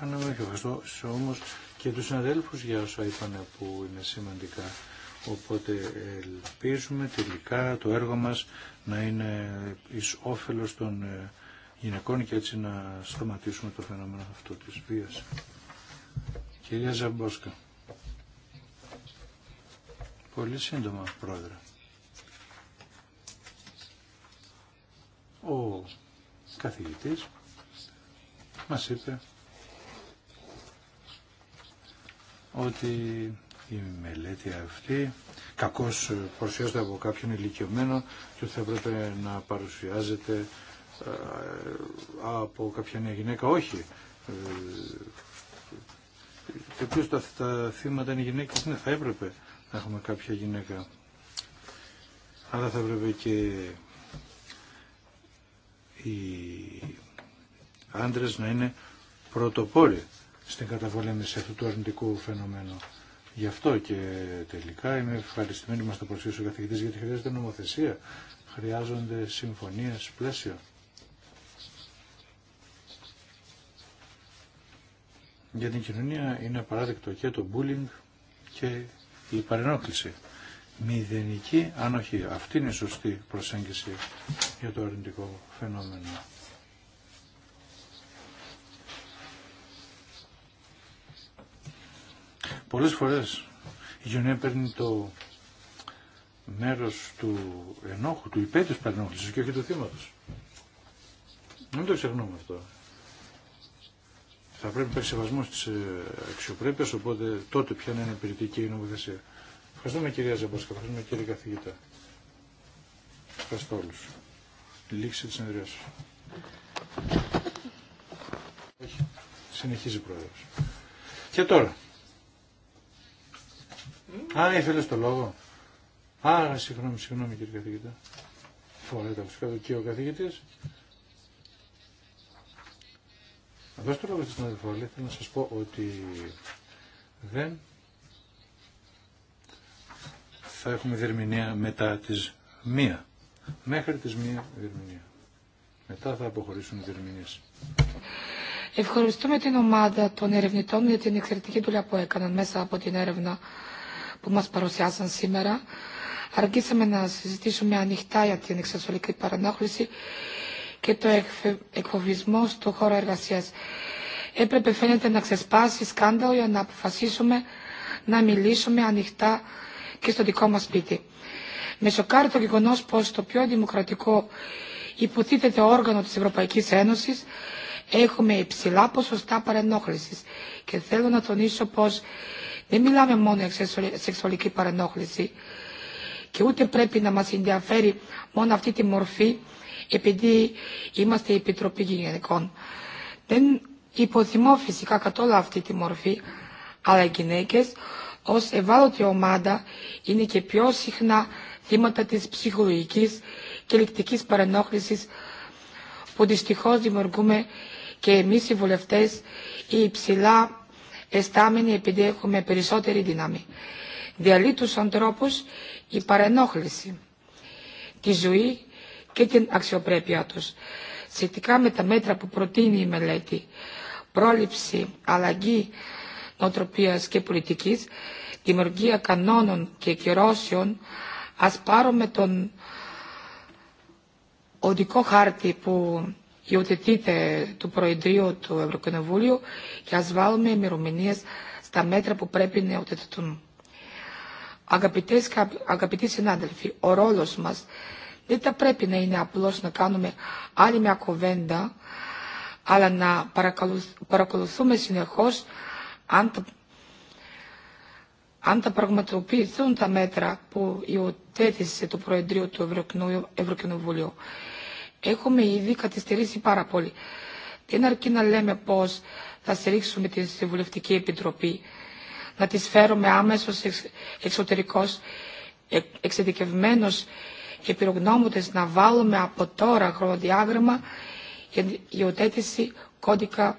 κάναμε και ευχαριστώ όμως και τους συναδέλφους για όσα είπαν που είναι σημαντικά. Οπότε ελπίζουμε τελικά το έργο μας να είναι εις όφελος των ε, γυναικών και έτσι να σταματήσουμε το φαινόμενο αυτό της βίας. Κυρία Ζαμπόσκα. Πολύ σύντομα, Πρόεδρε. Ο καθηγητής μας είπε ότι η μελέτη αυτή κακώς προσιάζεται από κάποιον ηλικιωμένο και ότι θα έπρεπε να παρουσιάζεται ε, από κάποια νέα γυναίκα. Όχι. Ε, τα, τα θύματα είναι γυναίκες. Ναι, θα έπρεπε να έχουμε κάποια γυναίκα. Αλλά θα έπρεπε και οι άντρες να είναι πρωτοπόροι στην σε αυτού του αρνητικού φαινομένου. Γι' αυτό και τελικά είμαι ευχαριστημένη μας το προσφύγει ο καθηγητής γιατί χρειάζεται νομοθεσία, χρειάζονται συμφωνίες πλαίσιο. για την κοινωνία είναι απαράδεκτο και το bullying και η παρενόχληση. Μηδενική ανοχή. Αυτή είναι η σωστή προσέγγιση για το αρνητικό φαινόμενο. Πολλές φορές η κοινωνία παίρνει το μέρος του ενόχου, του υπέτειου παρενόχλησης και όχι του θύματος. Μην το ξεχνούμε αυτό. Θα πρέπει να υπάρχει σεβασμό τη ε, αξιοπρέπεια, οπότε τότε πια να είναι πυρητική η νομοθεσία. Ευχαριστούμε κυρία Ζαμπόσκα, ευχαριστούμε κύριε καθηγητά. Ευχαριστώ όλου. Λήξη τη συνεδρία Όχι. Συνεχίζει η πρόεδρο. Και τώρα. Mm. Α, ήθελε το λόγο. Α, συγγνώμη, συγγνώμη κύριε καθηγητά. Φοράει τα φυσικά και ο καθηγητή. Εδώ δώσω το λόγο στην συναδελφόλη θέλω να σας πω ότι δεν θα έχουμε διερμηνία μετά τις μία. Μέχρι τις μία διερμηνία. Μετά θα αποχωρήσουν οι διερμηνίες. Ευχαριστούμε την ομάδα των ερευνητών για την εξαιρετική δουλειά που έκαναν μέσα από την έρευνα που μας παρουσιάσαν σήμερα. Αργήσαμε να συζητήσουμε ανοιχτά για την εξασφαλική παρανόχληση και το εκφοβισμό στο χώρο εργασίας. Έπρεπε φαίνεται να ξεσπάσει σκάνδαλο για να αποφασίσουμε να μιλήσουμε ανοιχτά και στο δικό μα σπίτι. Με σοκάρει το γεγονό πω το πιο δημοκρατικό υποτίθεται όργανο τη Ευρωπαϊκή Ένωσης έχουμε υψηλά ποσοστά παρενόχληση. και θέλω να τονίσω πως δεν μιλάμε μόνο για σεξουαλική παρενόχληση και ούτε πρέπει να μας ενδιαφέρει μόνο αυτή τη μορφή επειδή είμαστε η Επιτροπή Γυναικών. Δεν υποθυμώ φυσικά καθόλου αυτή τη μορφή, αλλά οι γυναίκες ως ευάλωτη ομάδα είναι και πιο συχνά θύματα της ψυχολογικής και ληκτικής παρενόχλησης που δυστυχώς δημιουργούμε και εμείς οι βουλευτές οι υψηλά αισθαμενοι επειδή έχουμε περισσότερη δύναμη. Διαλύει τους η παρενόχληση, τη ζωή και την αξιοπρέπειά τους. Σχετικά με τα μέτρα που προτείνει η μελέτη, πρόληψη, αλλαγή νοοτροπίας και πολιτικής, δημιουργία κανόνων και κυρώσεων, ας πάρουμε τον οδικό χάρτη που υιοθετείται του Προεδρείου του Ευρωκοινοβούλιο και ας βάλουμε ημερομηνίε στα μέτρα που πρέπει να υιοθετηθούν. Αγαπητές, αγαπητοί συνάδελφοι, ο ρόλος μας δεν θα πρέπει να είναι απλώς να κάνουμε άλλη μια κοβέντα, αλλά να παρακολουθούμε συνεχώς αν τα, αν τα πραγματοποιηθούν τα μέτρα που υιοθέτησε το Προεδρείο του Ευρωκοινοβουλίου. Έχουμε ήδη κατηστηρίσει πάρα πολύ. Δεν αρκεί να λέμε πώς θα στηρίξουμε τη Συμβουλευτική Επιτροπή, να τις φέρουμε άμεσως εξωτερικός ε, εξειδικευμένος και πυρογνώμονες να βάλουμε από τώρα χρονοδιάγραμμα για υιοθέτηση κώδικα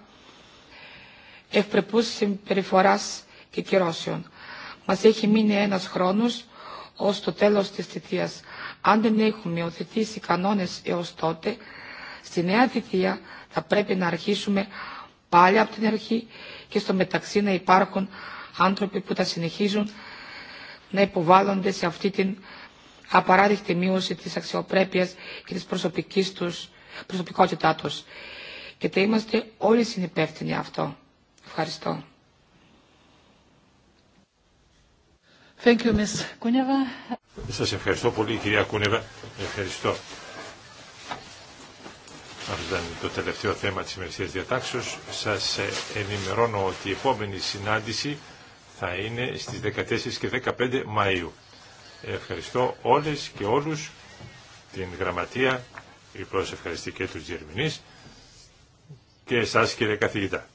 ευπρεπούς συμπεριφοράς και κυρώσεων. Μας έχει μείνει ένας χρόνος ως το τέλος της θητείας. Αν δεν έχουμε υιοθετήσει κανόνες έως τότε, στη νέα θητεία θα πρέπει να αρχίσουμε πάλι από την αρχή και στο μεταξύ να υπάρχουν άνθρωποι που τα συνεχίζουν να υποβάλλονται σε αυτή την απαράδεκτη μείωση της αξιοπρέπειας και της προσωπικής τους προσωπικότητά τους. Και τα είμαστε όλοι συνυπεύθυνοι αυτό. Ευχαριστώ. Thank you, Σας ευχαριστώ πολύ κυρία Κούνεβα. Ευχαριστώ. Αυτό ήταν το τελευταίο θέμα της ημερησίας διατάξεως. Σας ε, ενημερώνω ότι η επόμενη συνάντηση θα είναι στις 14 και 15 Μαΐου. Ευχαριστώ όλες και όλους την γραμματεία, η ευχαριστή και τους διερμηνείς και εσάς κύριε καθηγητά.